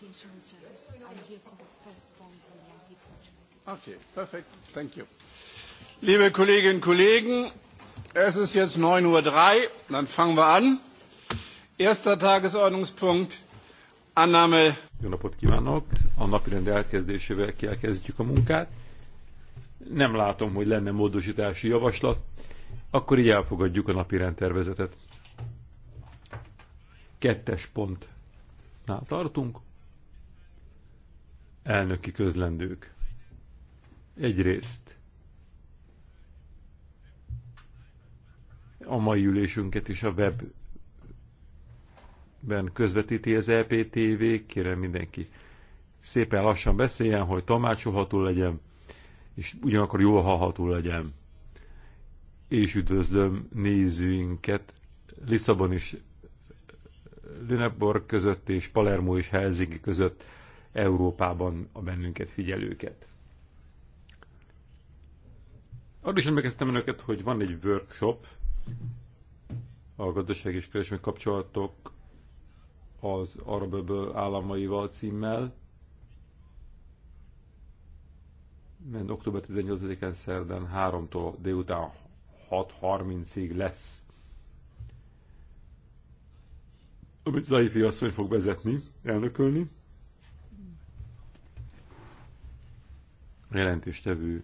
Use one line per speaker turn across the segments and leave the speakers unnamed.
since service. for the first the Okay, perfect.
Thank you. Liebe Kolleginnen und Kollegen, es ist jetzt 9.03 Uhr, dann fangen wir an. Erster Tagesordnungspunkt, Annahme. Jó napot kívánok! A napirend elkezdésével kezdjük a munkát. Nem látom, hogy lenne módosítási javaslat. Akkor így elfogadjuk a napirend tervezetet. Kettes pont. tartunk elnöki közlendők. Egyrészt a mai ülésünket is a webben közvetíti az EPTV, kérem mindenki szépen lassan beszéljen, hogy tanácsolható legyen, és ugyanakkor jól hallható legyen. És üdvözlöm nézőinket Lisszabon és Lüneborg között és Palermo és Helsinki között Európában a bennünket figyelőket. Arra is emlékeztem önöket, hogy van egy workshop, a gazdaság és kereskedelmi kapcsolatok az arab öböl államaival címmel, mert október 18-án szerdán 3-tól délután 6.30-ig lesz, amit Zaifi asszony fog vezetni, elnökölni. jelentéstevő,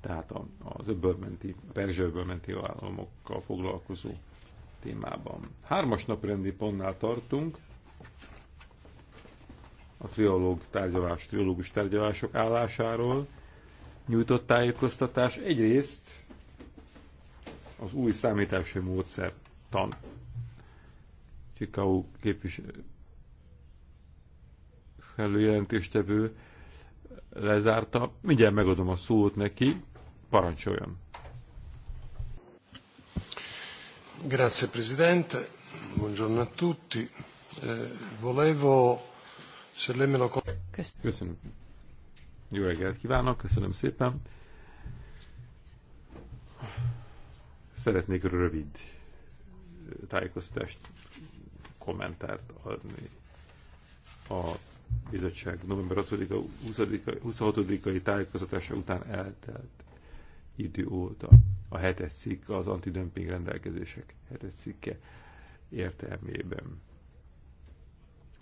tehát az öbölmenti, a perzsőbölmenti államokkal foglalkozó témában. Hármas naprendi pontnál tartunk, a triológ tárgyalás, triológus tárgyalások állásáról nyújtott tájékoztatás. Egyrészt az új számítási módszer tan. Csikau képviselő jelentéstevő lezárta. Mindjárt megadom a szót neki, parancsoljon. Grazie Presidente, buongiorno a tutti. Eh, volevo, se lei me lo... Köszönöm. Köszönöm. Jó reggelt kívánok, köszönöm szépen. Szeretnék rövid eh, tájékoztatást, kommentárt adni a bizottság november 26-ai tájékozatása után eltelt idő óta a hetes cikk, az antidömping rendelkezések hetes cikke értelmében.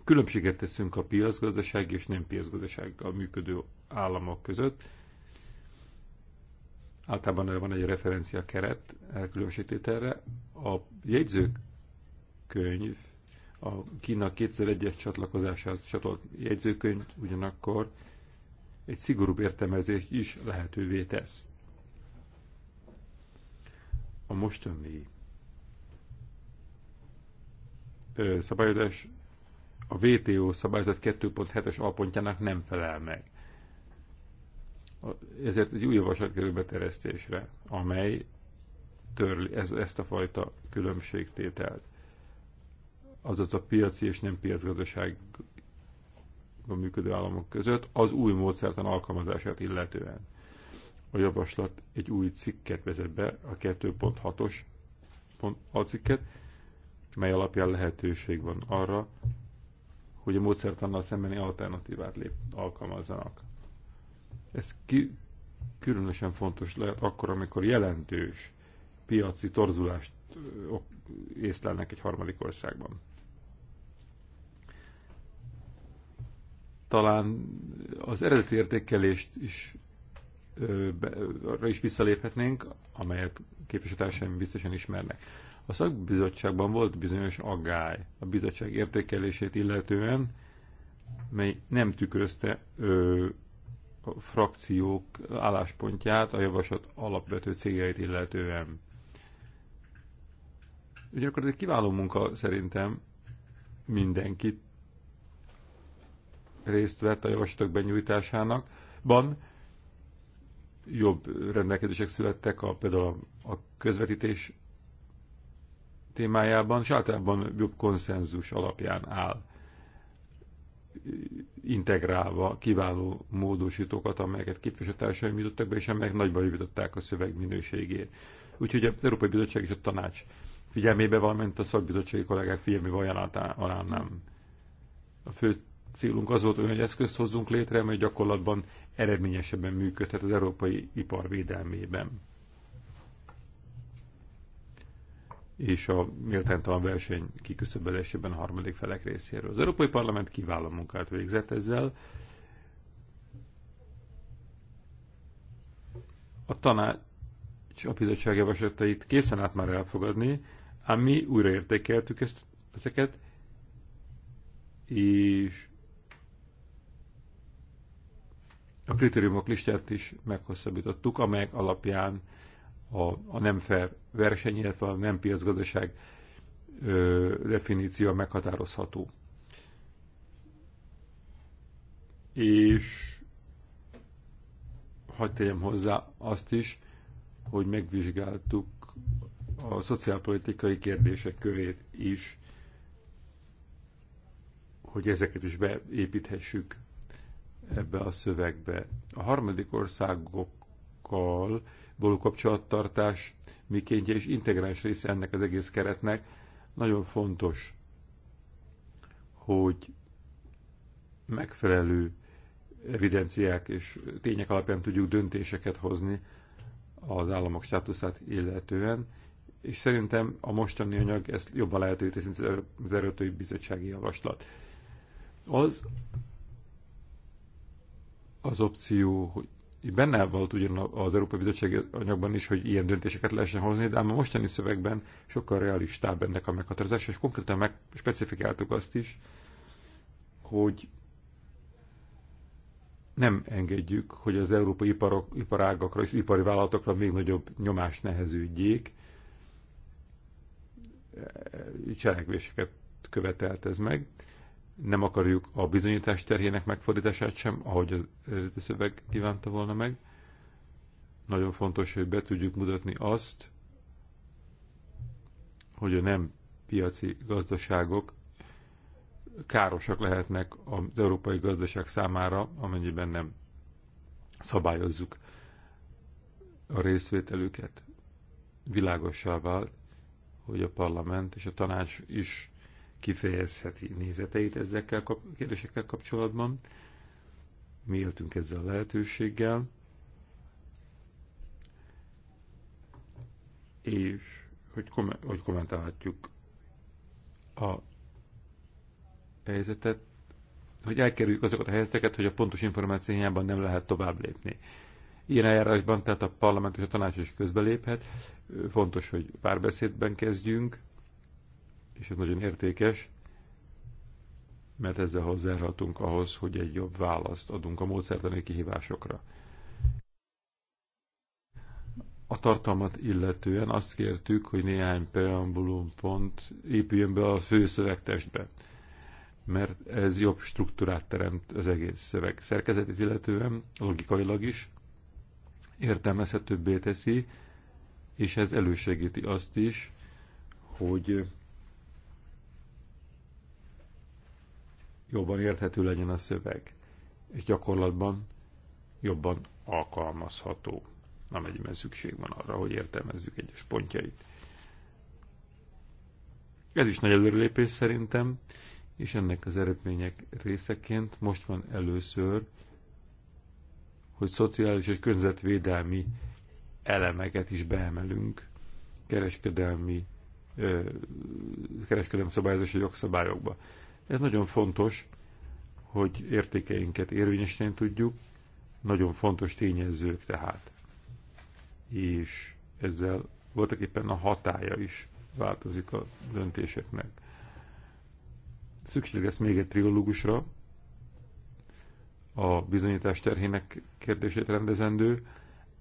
Különbséget teszünk a piacgazdaság és nem piacgazdasággal működő államok között. Általában erre van egy referencia keret elkülönbségtételre. A jegyzőkönyv a Kína 2001-es csatlakozásához csatolt jegyzőkönyv ugyanakkor egy szigorúbb értelmezést is lehetővé tesz. A mostani szabályozás a WTO szabályzat 2.7-es alpontjának nem felel meg. Ezért egy új javaslat kerül beteresztésre, amely törli ez, ezt a fajta különbségtételt azaz a piaci és nem piacgazdaságban működő államok között, az új módszertan alkalmazását illetően. A javaslat egy új cikket vezet be, a 2.6-os a cikket, mely alapján lehetőség van arra, hogy a módszertannal szembeni alternatívát lép, alkalmazzanak. Ez ki, különösen fontos lehet akkor, amikor jelentős piaci torzulást észlelnek egy harmadik országban. talán az eredeti értékelést is, ö, be, arra is visszaléphetnénk, amelyet képviselőtársaim biztosan ismernek. A szakbizottságban volt bizonyos aggály a bizottság értékelését illetően, mely nem tükrözte ö, a frakciók álláspontját a javaslat alapvető céljait illetően. Ugyanakkor ez egy kiváló munka szerintem mindenkit részt vett a javaslatok benyújtásának, ban jobb rendelkezések születtek, a, például a, a közvetítés témájában, és általában jobb konszenzus alapján áll integrálva kiváló módosítókat, amelyeket képviselőtársaim jutottak be, és amelyek nagyban javították a szöveg minőségét. Úgyhogy az Európai Bizottság és a Tanács figyelmébe, valamint a szakbizottsági kollégák figyelmébe nem A fő Célunk az volt, hogy egy eszközt hozzunk létre, amely gyakorlatban eredményesebben működhet az európai ipar védelmében. és a méltánytalan verseny kiküszöbölésében a harmadik felek részéről. Az Európai Parlament kiváló munkát végzett ezzel. A tanács a bizottság javaslatait készen állt már elfogadni, ám mi újraértékeltük ezt, ezeket, és a kritériumok listát is meghosszabbítottuk, amelyek alapján a, a nem fair verseny, illetve a nem piacgazdaság ö, definíció meghatározható. És hagyd tegyem hozzá azt is, hogy megvizsgáltuk a szociálpolitikai kérdések körét is, hogy ezeket is beépíthessük ebbe a szövegbe. A harmadik országokkal való kapcsolattartás mikéntje és integráns része ennek az egész keretnek. Nagyon fontos, hogy megfelelő evidenciák és tények alapján tudjuk döntéseket hozni az államok státuszát illetően, és szerintem a mostani anyag ezt jobban lehetővé teszi, mint az Erőtői bizottsági javaslat. Az, az opció, hogy benne volt ugyan az Európai Bizottság anyagban is, hogy ilyen döntéseket lehessen hozni, de ám a mostani szövegben sokkal realistább ennek a meghatározása, és konkrétan meg specifikáltuk azt is, hogy nem engedjük, hogy az európai iparok, iparágakra és ipari vállalatokra még nagyobb nyomást neheződjék. Cselekvéseket követelt ez meg nem akarjuk a bizonyítás terhének megfordítását sem, ahogy az eredeti szöveg kívánta volna meg. Nagyon fontos, hogy be tudjuk mutatni azt, hogy a nem piaci gazdaságok károsak lehetnek az európai gazdaság számára, amennyiben nem szabályozzuk a részvételüket. Világossá vált, hogy a parlament és a tanács is kifejezheti nézeteit ezekkel kap, kérdésekkel kapcsolatban. Mi éltünk ezzel a lehetőséggel. És hogy, kom- hogy kommentálhatjuk a helyzetet, hogy elkerüljük azokat a helyzeteket, hogy a pontos információ hiányában nem lehet tovább lépni. Ilyen eljárásban tehát a parlament és a tanács is közbeléphet. Fontos, hogy párbeszédben kezdjünk, és ez nagyon értékes, mert ezzel hozzárhatunk ahhoz, hogy egy jobb választ adunk a módszertani kihívásokra. A tartalmat illetően azt kértük, hogy néhány preambulum pont épüljön be a fő szövegtestbe, mert ez jobb struktúrát teremt az egész szöveg szerkezetét illetően, logikailag is, értelmezhetőbbé teszi, és ez elősegíti azt is, hogy jobban érthető legyen a szöveg, és gyakorlatban jobban alkalmazható, amennyiben szükség van arra, hogy értelmezzük egyes pontjait. Ez is nagy előrelépés szerintem, és ennek az eredmények részeként most van először, hogy szociális és környezetvédelmi elemeket is beemelünk kereskedelmi kereskedelmi szabályozási jogszabályokba. Ez nagyon fontos, hogy értékeinket érvényesíteni tudjuk, nagyon fontos tényezők tehát. És ezzel voltak éppen a hatája is változik a döntéseknek. Szükség lesz még egy triológusra, a bizonyítás terhének kérdését rendezendő,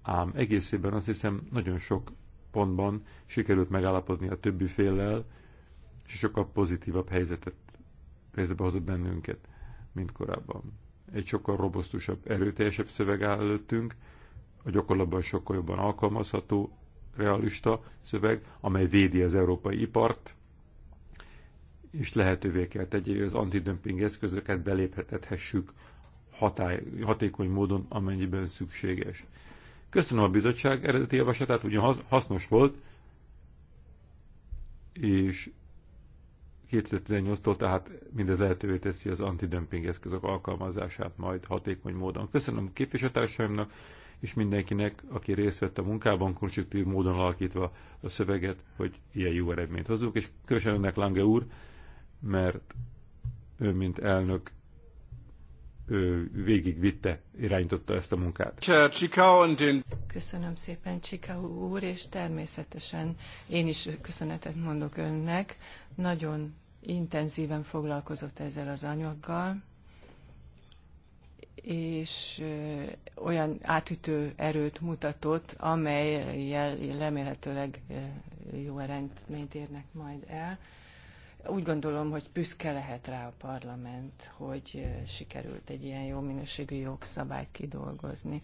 ám egészében azt hiszem nagyon sok pontban sikerült megállapodni a többi féllel, és sokkal pozitívabb helyzetet helyzetbe hozott bennünket, mint korábban. Egy sokkal robosztusabb, erőteljesebb szöveg áll előttünk, a gyakorlatban sokkal jobban alkalmazható, realista szöveg, amely védi az európai ipart, és lehetővé kell tegye, hogy az antidömping eszközöket beléphetethessük hatály, hatékony módon, amennyiben szükséges. Köszönöm a bizottság eredeti javaslatát, ugyan hasznos volt, és 2018-tól tehát mindez lehetővé teszi az antidömping eszközök alkalmazását majd hatékony módon. Köszönöm képviselőtársaimnak és mindenkinek, aki részt vett a munkában, konstruktív módon alakítva a szöveget, hogy ilyen jó eredményt hozzuk. és különösen önnek Lange úr, mert ő, mint elnök, ő végigvitte, irányította ezt a munkát.
Köszönöm szépen, Csikau úr, és természetesen én is köszönetet mondok önnek, nagyon intenzíven foglalkozott ezzel az anyaggal, és olyan átütő erőt mutatott, amelyel remélhetőleg jó eredményt érnek majd el. Úgy gondolom, hogy büszke lehet rá a parlament, hogy sikerült egy ilyen jó minőségű jogszabályt kidolgozni.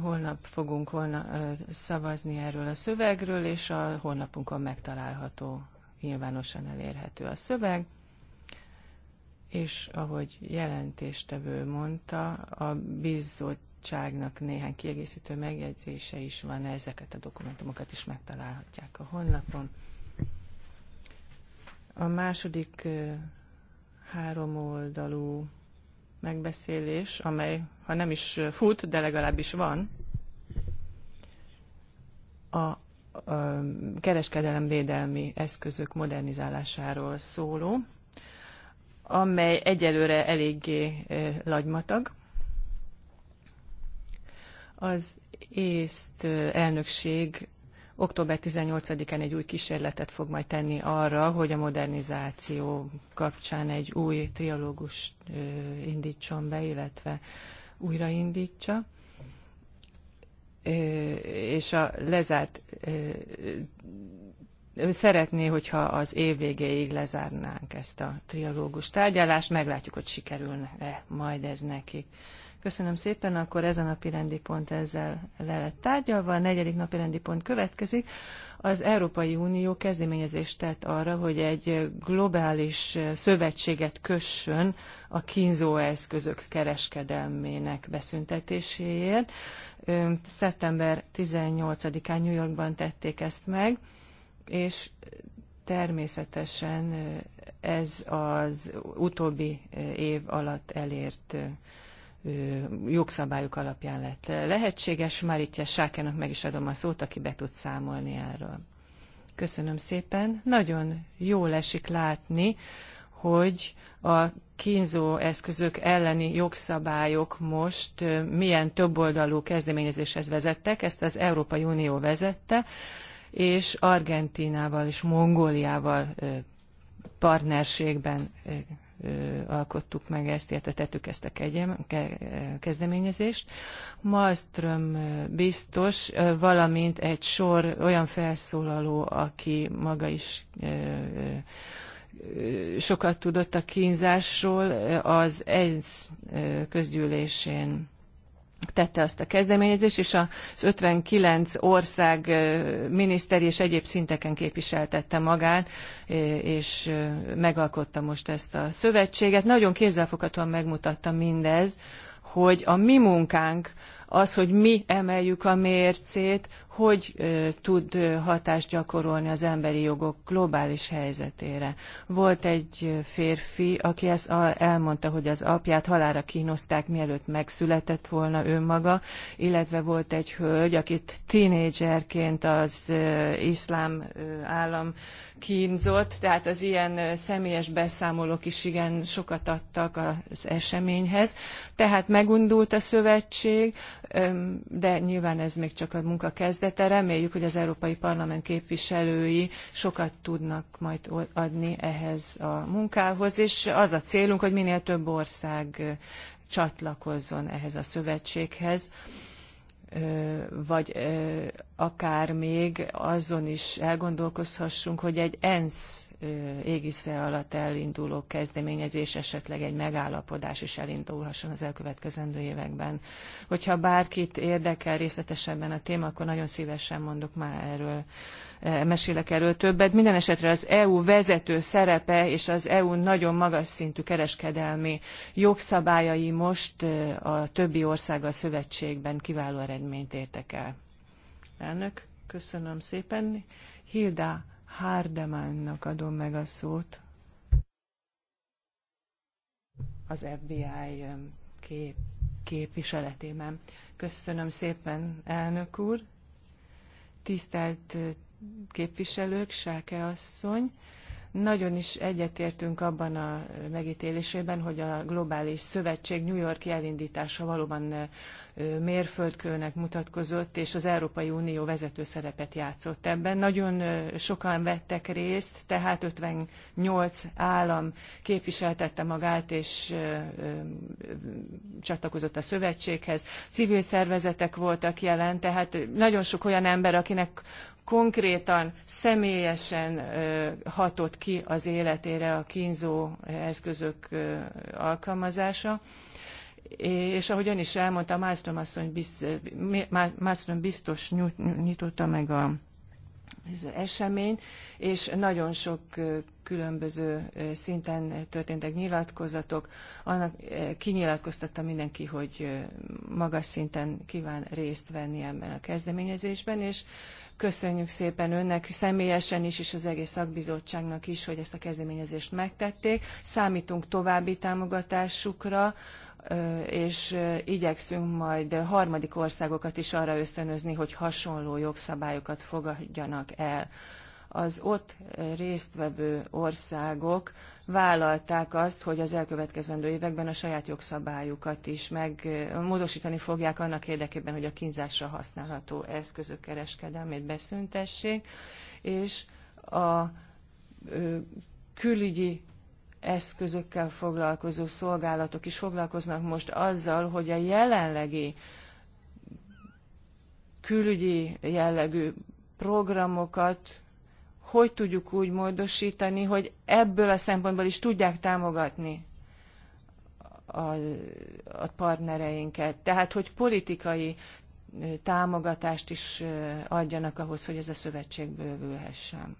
Holnap fogunk volna szavazni erről a szövegről, és a honlapunkon megtalálható nyilvánosan elérhető a szöveg, és ahogy jelentéstevő mondta, a bizottságnak néhány kiegészítő megjegyzése is van, ezeket a dokumentumokat is megtalálhatják a honlapon. A második háromoldalú megbeszélés, amely ha nem is fut, de legalábbis van, a kereskedelemvédelmi eszközök modernizálásáról szóló, amely egyelőre eléggé e, lagymatag. Az észt e, elnökség október 18-án egy új kísérletet fog majd tenni arra, hogy a modernizáció kapcsán egy új trialógust e, indítson be, illetve újraindítsa és a lezárt ő szeretné, hogyha az év végéig lezárnánk ezt a trialógus tárgyalást, meglátjuk, hogy sikerülne-e majd ez nekik. Köszönöm szépen, akkor ez a napi rendi pont ezzel le lett tárgyalva. A negyedik napi rendi pont következik. Az Európai Unió kezdeményezést tett arra, hogy egy globális szövetséget kössön a kínzóeszközök kereskedelmének beszüntetéséért. Szeptember 18-án New Yorkban tették ezt meg, és természetesen ez az utóbbi év alatt elért jogszabályok alapján lett lehetséges. Már itt Sákenak meg is adom a szót, aki be tud számolni erről. Köszönöm szépen. Nagyon jól esik látni, hogy a kínzó eszközök elleni jogszabályok most milyen többoldalú kezdeményezéshez vezettek. Ezt az Európai Unió vezette, és Argentinával és Mongóliával partnerségben alkottuk meg ezt, illetve tettük ezt a kegyem, ke, kezdeményezést. Malmström biztos, valamint egy sor olyan felszólaló, aki maga is sokat tudott a kínzásról, az ENSZ közgyűlésén tette azt a kezdeményezést, és az 59 ország miniszteri és egyéb szinteken képviseltette magát, és megalkotta most ezt a szövetséget. Nagyon kézzelfoghatóan megmutatta mindez, hogy a mi munkánk az, hogy mi emeljük a mércét, hogy tud hatást gyakorolni az emberi jogok globális helyzetére. Volt egy férfi, aki ezt elmondta, hogy az apját halára kínozták, mielőtt megszületett volna önmaga, illetve volt egy hölgy, akit tinédzserként az iszlám állam kínzott, tehát az ilyen személyes beszámolók is igen sokat adtak az eseményhez. Tehát megundult a szövetség, de nyilván ez még csak a munka kezdete. Reméljük, hogy az Európai Parlament képviselői sokat tudnak majd adni ehhez a munkához, és az a célunk, hogy minél több ország csatlakozzon ehhez a szövetséghez vagy akár még azon is elgondolkozhassunk, hogy egy ENSZ égisze alatt elinduló kezdeményezés, esetleg egy megállapodás is elindulhasson az elkövetkezendő években. Hogyha bárkit érdekel részletesebben a téma, akkor nagyon szívesen mondok már erről mesélek erről többet. Minden esetre az EU vezető szerepe és az EU nagyon magas szintű kereskedelmi jogszabályai most a többi országgal szövetségben kiváló eredményt értek el. Elnök, köszönöm szépen. Hilda Hardemannnak adom meg a szót. Az FBI kép, képviseletében. Köszönöm szépen, elnök úr. Tisztelt képviselők, Sáke asszony. Nagyon is egyetértünk abban a megítélésében, hogy a globális szövetség New York elindítása valóban mérföldkőnek mutatkozott, és az Európai Unió vezető szerepet játszott ebben. Nagyon sokan vettek részt, tehát 58 állam képviseltette magát, és csatlakozott a szövetséghez. Civil szervezetek voltak jelen, tehát nagyon sok olyan ember, akinek konkrétan, személyesen hatott ki az életére a kínzó eszközök alkalmazása. És ahogy ön is elmondta, Mászlöm, asszony, biztos nyitotta meg a ez esemény, és nagyon sok különböző szinten történtek nyilatkozatok. Annak kinyilatkoztatta mindenki, hogy magas szinten kíván részt venni ebben a kezdeményezésben, és köszönjük szépen önnek személyesen is, és az egész szakbizottságnak is, hogy ezt a kezdeményezést megtették. Számítunk további támogatásukra, és igyekszünk majd harmadik országokat is arra ösztönözni, hogy hasonló jogszabályokat fogadjanak el. Az ott résztvevő országok vállalták azt, hogy az elkövetkezendő években a saját jogszabályukat is megmódosítani fogják annak érdekében, hogy a kínzásra használható eszközök kereskedelmét beszüntessék, és a külügyi eszközökkel foglalkozó szolgálatok is foglalkoznak most azzal, hogy a jelenlegi külügyi jellegű programokat hogy tudjuk úgy módosítani, hogy ebből a szempontból is tudják támogatni a, a partnereinket. Tehát, hogy politikai támogatást is adjanak ahhoz, hogy ez a szövetség bővülhessen.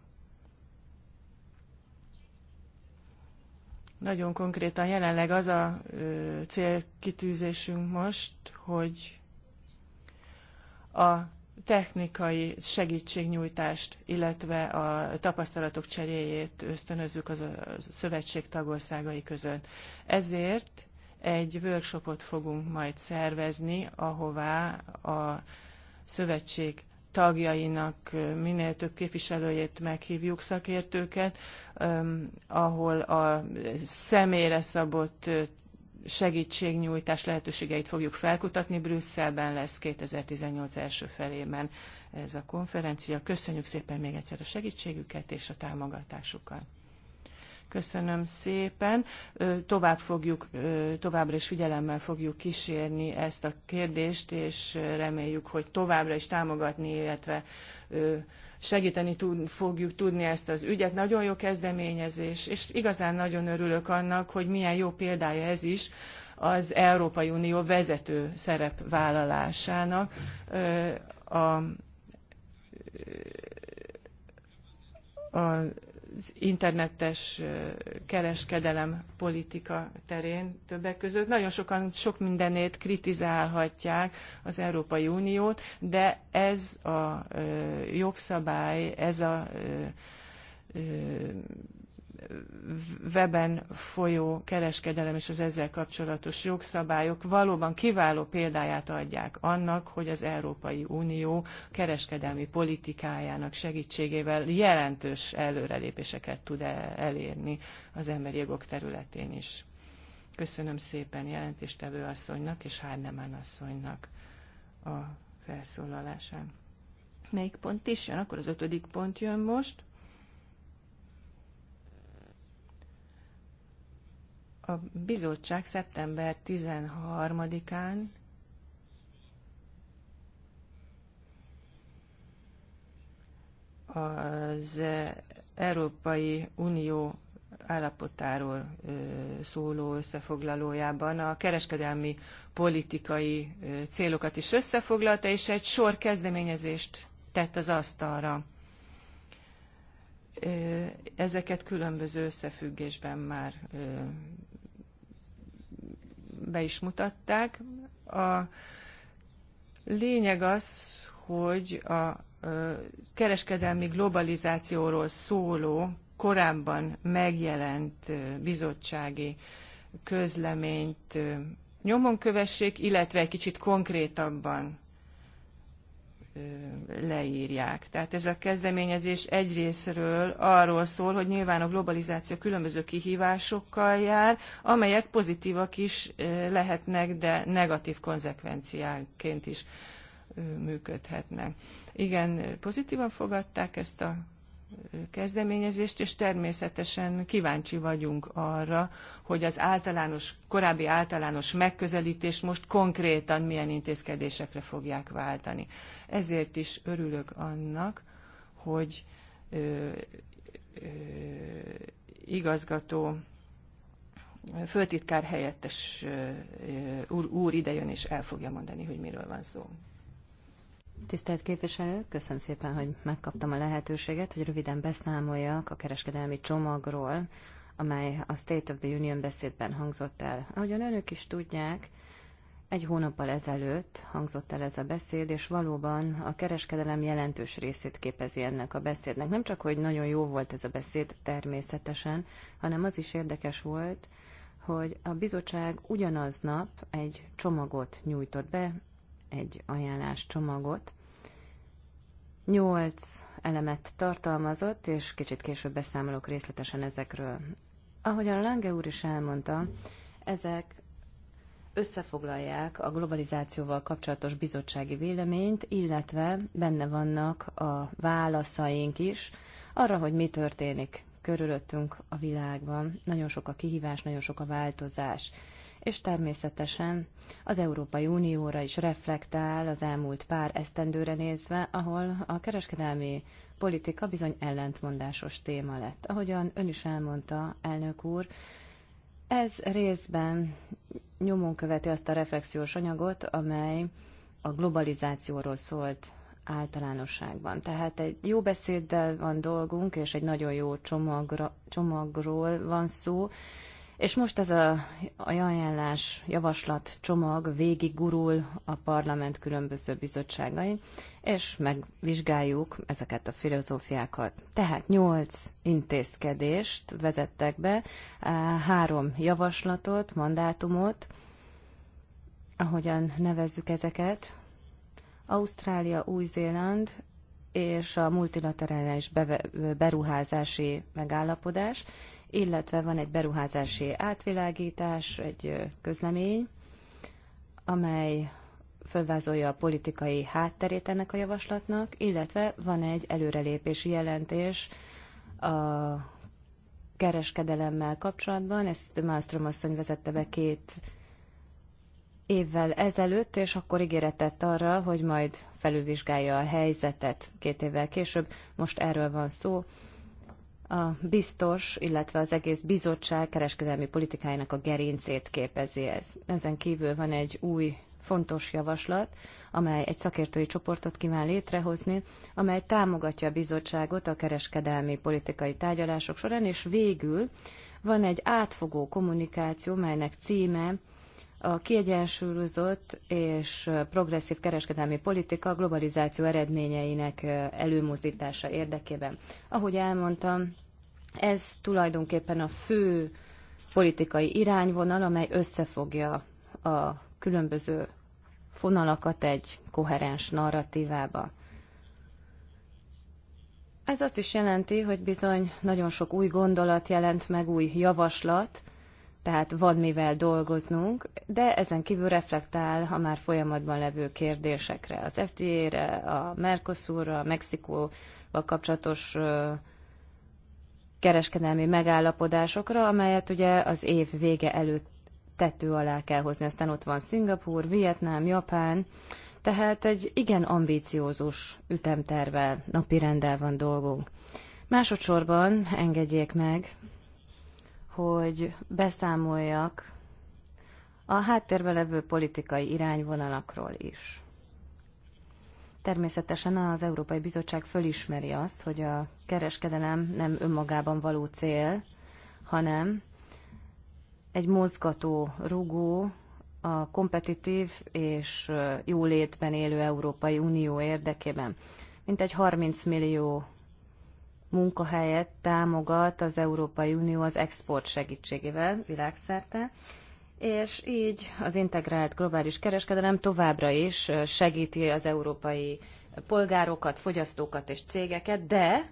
Nagyon konkrétan jelenleg az a célkitűzésünk most, hogy a technikai segítségnyújtást, illetve a tapasztalatok cseréjét ösztönözzük az a szövetség tagországai között. Ezért egy workshopot fogunk majd szervezni, ahová a szövetség tagjainak minél több képviselőjét meghívjuk szakértőket, ahol a személyre szabott segítségnyújtás lehetőségeit fogjuk felkutatni. Brüsszelben lesz 2018 első felében ez a konferencia. Köszönjük szépen még egyszer a segítségüket és a támogatásukat. Köszönöm szépen. Tovább fogjuk, továbbra is figyelemmel fogjuk kísérni ezt a kérdést, és reméljük, hogy továbbra is támogatni, illetve segíteni tud, fogjuk tudni ezt az ügyet. Nagyon jó kezdeményezés, és igazán nagyon örülök annak, hogy milyen jó példája ez is az Európai Unió vezető szerepvállalásának. A, a, a az internetes kereskedelem politika terén többek között. Nagyon sokan sok mindenét kritizálhatják az Európai Uniót, de ez a jogszabály, ez a weben folyó kereskedelem és az ezzel kapcsolatos jogszabályok valóban kiváló példáját adják annak, hogy az Európai Unió kereskedelmi politikájának segítségével jelentős előrelépéseket tud elérni az emberi jogok területén is. Köszönöm szépen jelentéstevő asszonynak és Hárnemán asszonynak a felszólalásán. Melyik pont is jön? Akkor az ötödik pont jön most. A bizottság szeptember 13-án az Európai Unió állapotáról szóló összefoglalójában a kereskedelmi politikai célokat is összefoglalta, és egy sor kezdeményezést tett az asztalra. Ezeket különböző összefüggésben már be is mutatták. A lényeg az, hogy a kereskedelmi globalizációról szóló, korábban megjelent bizottsági közleményt nyomon kövessék, illetve egy kicsit konkrétabban leírják. Tehát ez a kezdeményezés egyrésztről arról szól, hogy nyilván a globalizáció különböző kihívásokkal jár, amelyek pozitívak is lehetnek, de negatív konzekvenciáként is működhetnek. Igen, pozitívan fogadták ezt a kezdeményezést, és természetesen kíváncsi vagyunk arra, hogy az általános, korábbi általános megközelítést most konkrétan milyen intézkedésekre fogják váltani. Ezért is örülök annak, hogy ö, ö, igazgató főtitkár helyettes
úr, úr idejön és el fogja mondani, hogy miről van szó. Tisztelt képviselő, köszönöm szépen, hogy megkaptam a lehetőséget, hogy röviden beszámoljak a kereskedelmi csomagról, amely a State of the Union beszédben hangzott el. Ahogyan önök is tudják, egy hónappal ezelőtt hangzott el ez a beszéd, és valóban a kereskedelem jelentős részét képezi ennek a beszédnek. Nem csak, hogy nagyon jó volt ez a beszéd természetesen, hanem az is érdekes volt, hogy a bizottság ugyanaznap egy csomagot nyújtott be, egy ajánlás csomagot. Nyolc elemet tartalmazott, és kicsit később beszámolok részletesen ezekről. Ahogyan Lange úr is elmondta, ezek összefoglalják a globalizációval kapcsolatos bizottsági véleményt, illetve benne vannak a válaszaink is arra, hogy mi történik körülöttünk a világban. Nagyon sok a kihívás, nagyon sok a változás és természetesen az Európai Unióra is reflektál az elmúlt pár esztendőre nézve, ahol a kereskedelmi politika bizony ellentmondásos téma lett. Ahogyan ön is elmondta, elnök úr, ez részben nyomon követi azt a reflexiós anyagot, amely a globalizációról szólt általánosságban. Tehát egy jó beszéddel van dolgunk, és egy nagyon jó csomagra, csomagról van szó, és most ez a ajánlás, javaslat, csomag végig gurul a parlament különböző bizottságai és megvizsgáljuk ezeket a filozófiákat. Tehát nyolc intézkedést vezettek be, három javaslatot, mandátumot, ahogyan nevezzük ezeket, Ausztrália, Új-Zéland és a multilaterális beruházási megállapodás, illetve van egy beruházási átvilágítás, egy közlemény, amely fölvázolja a politikai hátterét ennek a javaslatnak, illetve van egy előrelépési jelentés a kereskedelemmel kapcsolatban. Ezt Malmström asszony vezette be két évvel ezelőtt, és akkor ígéretett arra, hogy majd felülvizsgálja a helyzetet két évvel később. Most erről van szó a biztos, illetve az egész bizottság kereskedelmi politikájának a gerincét képezi ez. Ezen kívül van egy új fontos javaslat, amely egy szakértői csoportot kíván létrehozni, amely támogatja a bizottságot a kereskedelmi politikai tárgyalások során, és végül van egy átfogó kommunikáció, melynek címe a kiegyensúlyozott és progresszív kereskedelmi politika globalizáció eredményeinek előmozdítása érdekében. Ahogy elmondtam, ez tulajdonképpen a fő politikai irányvonal, amely összefogja a különböző fonalakat egy koherens narratívába. Ez azt is jelenti, hogy bizony nagyon sok új gondolat jelent meg, új javaslat, tehát van mivel dolgoznunk, de ezen kívül reflektál a már folyamatban levő kérdésekre, az FTA-re, a Mercosurra, a Mexikóval kapcsolatos kereskedelmi megállapodásokra, amelyet ugye az év vége előtt tető alá kell hozni. Aztán ott van Szingapúr, Vietnám, Japán, tehát egy igen ambíciózus ütemtervel, napi rendel van dolgunk. Másodszorban engedjék meg, hogy beszámoljak a háttérbe levő politikai irányvonalakról is. Természetesen az Európai Bizottság fölismeri azt, hogy a kereskedelem nem önmagában való cél, hanem egy mozgató rugó a kompetitív és jólétben élő Európai Unió érdekében. Mintegy 30 millió munkahelyet támogat az Európai Unió az export segítségével világszerte, és így az integrált globális kereskedelem továbbra is segíti az európai polgárokat, fogyasztókat és cégeket, de,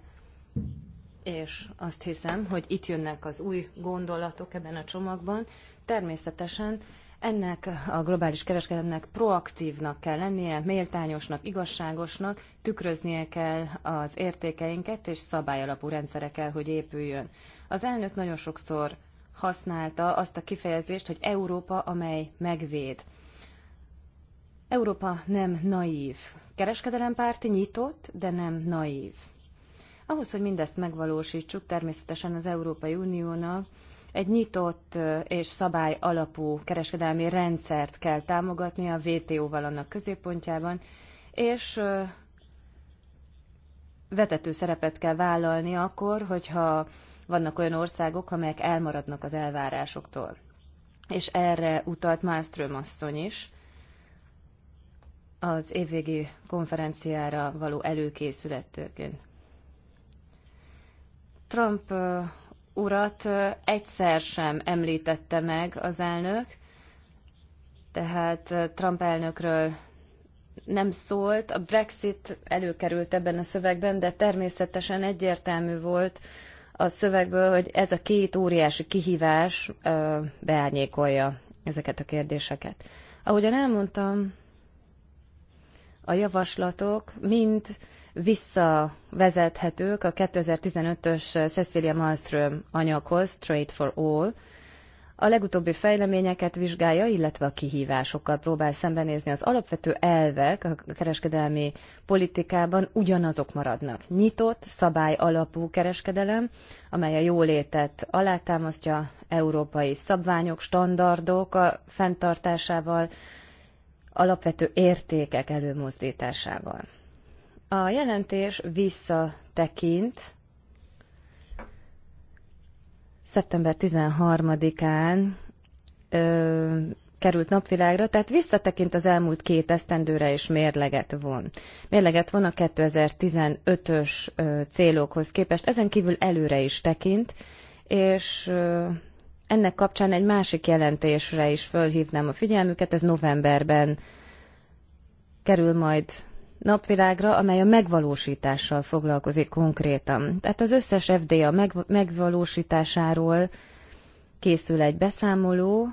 és azt hiszem, hogy itt jönnek az új gondolatok ebben a csomagban, természetesen ennek a globális kereskedelemnek proaktívnak kell lennie, méltányosnak, igazságosnak, tükröznie kell az értékeinket, és szabályalapú rendszerekkel, hogy épüljön. Az elnök nagyon sokszor használta azt a kifejezést, hogy Európa, amely megvéd. Európa nem naív. Kereskedelempárti nyitott, de nem naív. Ahhoz, hogy mindezt megvalósítsuk, természetesen az Európai Uniónak egy nyitott és szabály alapú kereskedelmi rendszert kell támogatni a WTO-val annak középpontjában, és vezető szerepet kell vállalni akkor, hogyha vannak olyan országok, amelyek elmaradnak az elvárásoktól. És erre utalt Malmström asszony is az évvégi konferenciára való előkészületőként. Trump urat egyszer sem említette meg az elnök, tehát Trump elnökről nem szólt. A Brexit előkerült ebben a szövegben, de természetesen egyértelmű volt, a szövegből, hogy ez a két óriási kihívás ö, beárnyékolja ezeket a kérdéseket. Ahogyan elmondtam, a javaslatok mind visszavezethetők a 2015-ös Cecilia Malmström anyaghoz, Trade for All, a legutóbbi fejleményeket vizsgálja, illetve a kihívásokkal próbál szembenézni. Az alapvető elvek a kereskedelmi politikában ugyanazok maradnak. Nyitott, szabály alapú kereskedelem, amely a jólétet alátámasztja európai szabványok, standardok a fenntartásával, alapvető értékek előmozdításával. A jelentés visszatekint szeptember 13-án került napvilágra, tehát visszatekint az elmúlt két esztendőre és mérleget von. Mérleget von a 2015-ös célokhoz képest, ezen kívül előre is tekint, és ennek kapcsán egy másik jelentésre is fölhívnám a figyelmüket, ez novemberben kerül majd napvilágra, amely a megvalósítással foglalkozik konkrétan. Tehát az összes FDA meg, megvalósításáról készül egy beszámoló,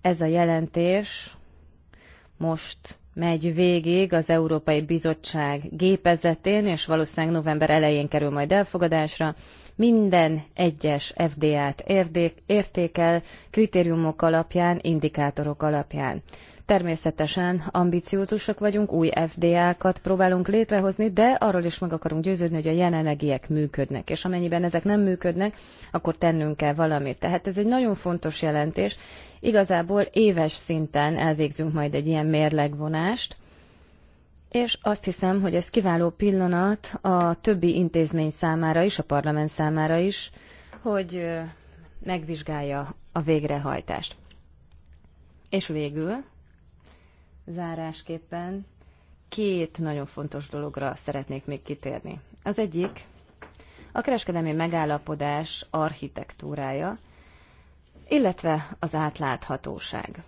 ez a jelentés most megy végig az Európai Bizottság gépezetén, és valószínűleg november elején kerül majd elfogadásra. Minden egyes FDA-t értékel kritériumok alapján, indikátorok alapján. Természetesen ambiciózusak vagyunk, új FDA-kat próbálunk létrehozni, de arról is meg akarunk győződni, hogy a jelenlegiek működnek, és amennyiben ezek nem működnek, akkor tennünk kell valamit. Tehát ez egy nagyon fontos jelentés. Igazából éves szinten elvégzünk majd egy ilyen mérlegvonást, és azt hiszem, hogy ez kiváló pillanat a többi intézmény számára is, a parlament számára is, hogy megvizsgálja a végrehajtást. És végül zárásképpen két nagyon fontos dologra szeretnék még kitérni. Az egyik a kereskedelmi megállapodás architektúrája, illetve az átláthatóság.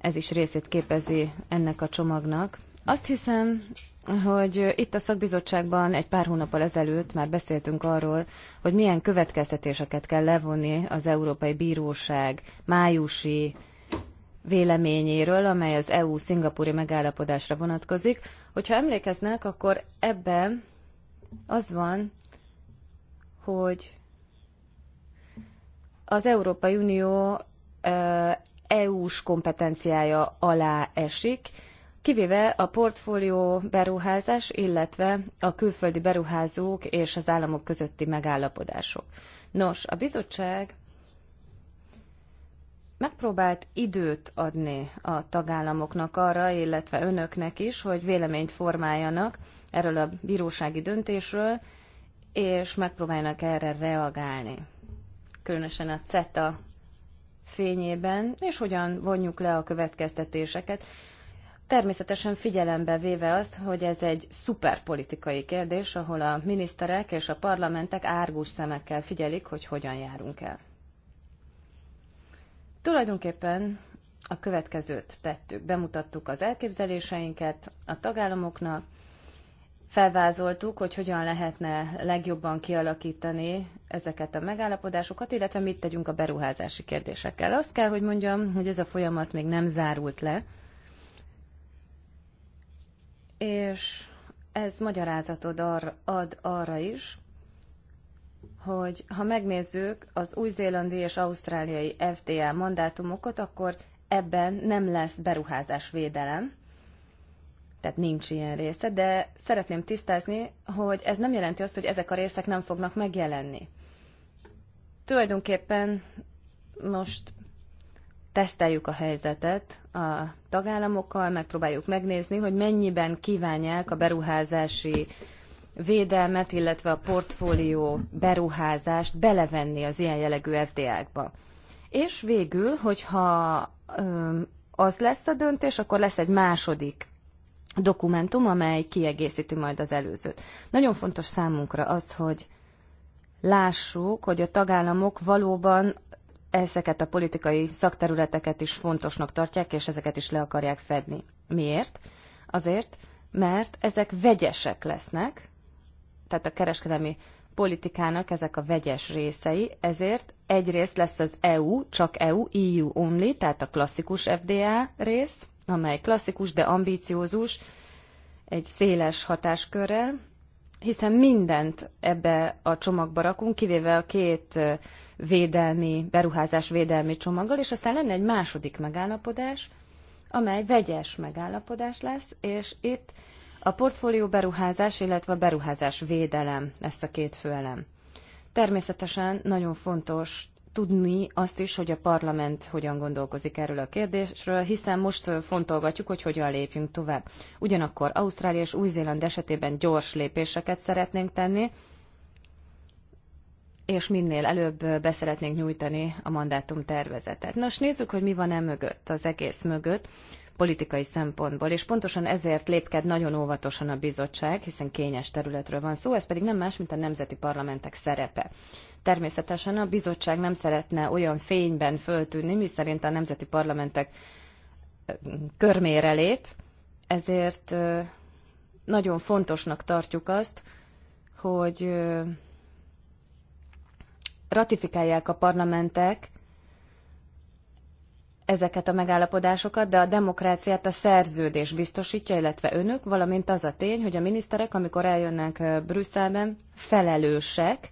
Ez is részét képezi ennek a csomagnak. Azt hiszem, hogy itt a szakbizottságban egy pár hónappal ezelőtt már beszéltünk arról, hogy milyen következtetéseket kell levonni az Európai Bíróság májusi véleményéről, amely az EU-szingapúri megállapodásra vonatkozik. Hogyha emlékeznek, akkor ebben az van, hogy az Európai Unió EU-s kompetenciája alá esik, kivéve a portfólió beruházás, illetve a külföldi beruházók és az államok közötti megállapodások. Nos, a bizottság megpróbált időt adni a tagállamoknak arra, illetve önöknek is, hogy véleményt formáljanak erről a bírósági döntésről, és megpróbálnak erre reagálni. Különösen a CETA fényében, és hogyan vonjuk le a következtetéseket. Természetesen figyelembe véve azt, hogy ez egy szuperpolitikai kérdés, ahol a miniszterek és a parlamentek árgus szemekkel figyelik, hogy hogyan járunk el. Tulajdonképpen a következőt tettük. Bemutattuk az elképzeléseinket a tagállamoknak, felvázoltuk, hogy hogyan lehetne legjobban kialakítani ezeket a megállapodásokat, illetve mit tegyünk a beruházási kérdésekkel. Azt kell, hogy mondjam, hogy ez a folyamat még nem zárult le, és ez magyarázatot ar- ad arra is, hogy ha megnézzük az új-zélandi és ausztráliai FTA mandátumokat, akkor ebben nem lesz beruházásvédelem, tehát nincs ilyen része, de szeretném tisztázni, hogy ez nem jelenti azt, hogy ezek a részek nem fognak megjelenni. Tulajdonképpen most teszteljük a helyzetet a tagállamokkal, megpróbáljuk megnézni, hogy mennyiben kívánják a beruházási védelmet, illetve a portfólió beruházást belevenni az ilyen jellegű FDA-kba. És végül, hogyha az lesz a döntés, akkor lesz egy második dokumentum, amely kiegészíti majd az előzőt. Nagyon fontos számunkra az, hogy lássuk, hogy a tagállamok valóban ezeket a politikai szakterületeket is fontosnak tartják, és ezeket is le akarják fedni. Miért? Azért, mert ezek vegyesek lesznek, tehát a kereskedelmi politikának ezek a vegyes részei, ezért egyrészt lesz az EU, csak EU, EU only, tehát a klasszikus FDA rész, amely klasszikus, de ambíciózus, egy széles hatáskörrel, hiszen mindent ebbe a csomagba rakunk, kivéve a két védelmi, beruházás védelmi csomaggal, és aztán lenne egy második megállapodás, amely vegyes megállapodás lesz, és itt a portfólió beruházás, illetve a beruházás védelem, ezt a két főelem. Természetesen nagyon fontos tudni azt is, hogy a parlament hogyan gondolkozik erről a kérdésről, hiszen most fontolgatjuk, hogy hogyan lépjünk tovább. Ugyanakkor Ausztrália és Új-Zéland esetében gyors lépéseket szeretnénk tenni, és minél előbb beszeretnénk nyújtani a mandátum tervezetet. Nos, nézzük, hogy mi van e mögött, az egész mögött politikai szempontból, és pontosan ezért lépked nagyon óvatosan a bizottság, hiszen kényes területről van szó, ez pedig nem más, mint a nemzeti parlamentek szerepe. Természetesen a bizottság nem szeretne olyan fényben föltűnni, miszerint a nemzeti parlamentek körmére lép, ezért nagyon fontosnak tartjuk azt, hogy ratifikálják a parlamentek ezeket a megállapodásokat, de a demokráciát a szerződés biztosítja, illetve önök, valamint az a tény, hogy a miniszterek, amikor eljönnek Brüsszelben, felelősek,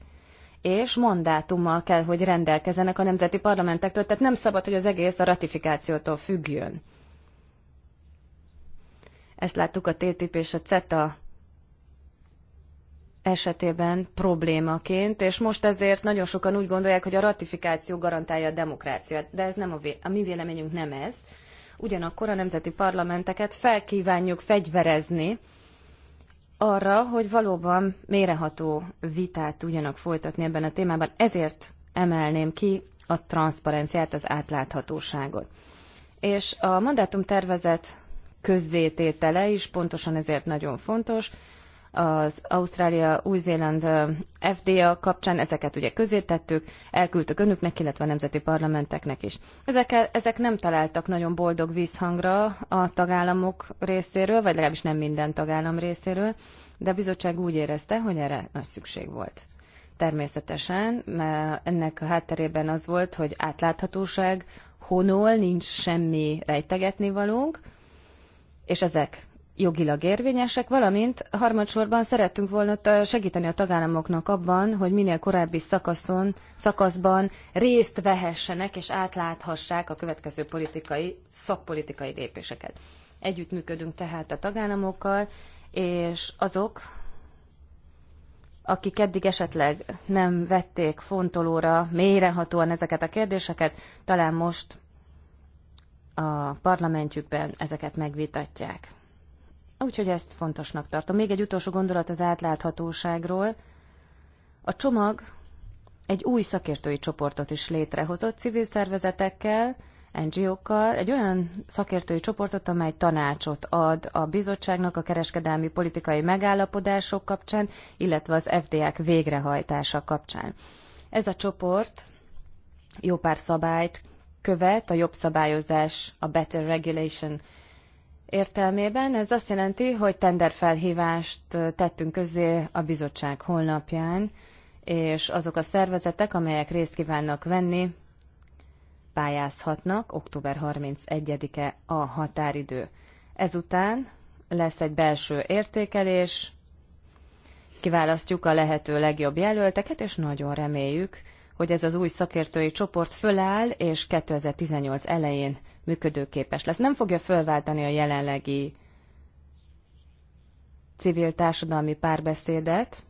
és mandátummal kell, hogy rendelkezenek a nemzeti parlamentektől, tehát nem szabad, hogy az egész a ratifikációtól függjön. Ezt láttuk a TTIP és a CETA esetében problémaként, és most ezért nagyon sokan úgy gondolják, hogy a ratifikáció garantálja a demokráciát, de ez nem a, vé- a mi véleményünk nem ez. Ugyanakkor a nemzeti parlamenteket felkívánjuk fegyverezni arra, hogy valóban méreható vitát tudjanak folytatni ebben a témában. Ezért emelném ki a transzparenciát, az átláthatóságot. És a mandátum tervezet közzététele is pontosan ezért nagyon fontos, az Ausztrália-Új-Zéland FDA kapcsán, ezeket ugye tettük, elküldtük önöknek, illetve a nemzeti parlamenteknek is. Ezek, ezek nem találtak nagyon boldog vízhangra a tagállamok részéről, vagy legalábbis nem minden tagállam részéről, de a bizottság úgy érezte, hogy erre nagy szükség volt. Természetesen, mert ennek a hátterében az volt, hogy átláthatóság, honol, nincs semmi rejtegetni valónk, és ezek jogilag érvényesek, valamint harmadsorban szerettünk volna segíteni a tagállamoknak abban, hogy minél korábbi szakaszon, szakaszban részt vehessenek és átláthassák a következő politikai, szakpolitikai lépéseket. Együttműködünk tehát a tagállamokkal, és azok, akik eddig esetleg nem vették fontolóra mélyrehatóan ezeket a kérdéseket, talán most a parlamentjükben ezeket megvitatják. Úgyhogy ezt fontosnak tartom. Még egy utolsó gondolat az átláthatóságról. A csomag egy új szakértői csoportot is létrehozott civil szervezetekkel, NGO-kkal, egy olyan szakértői csoportot, amely tanácsot ad a bizottságnak a kereskedelmi politikai megállapodások kapcsán, illetve az FDA-k végrehajtása kapcsán. Ez a csoport jó pár szabályt követ, a jobb szabályozás, a better regulation értelmében. Ez azt jelenti, hogy tenderfelhívást tettünk közé a bizottság honlapján, és azok a szervezetek, amelyek részt kívánnak venni, pályázhatnak, október 31-e a határidő. Ezután lesz egy belső értékelés, kiválasztjuk a lehető legjobb jelölteket, és nagyon reméljük, hogy ez az új szakértői csoport föláll, és 2018 elején működőképes lesz. Nem fogja fölváltani a jelenlegi civil társadalmi párbeszédet,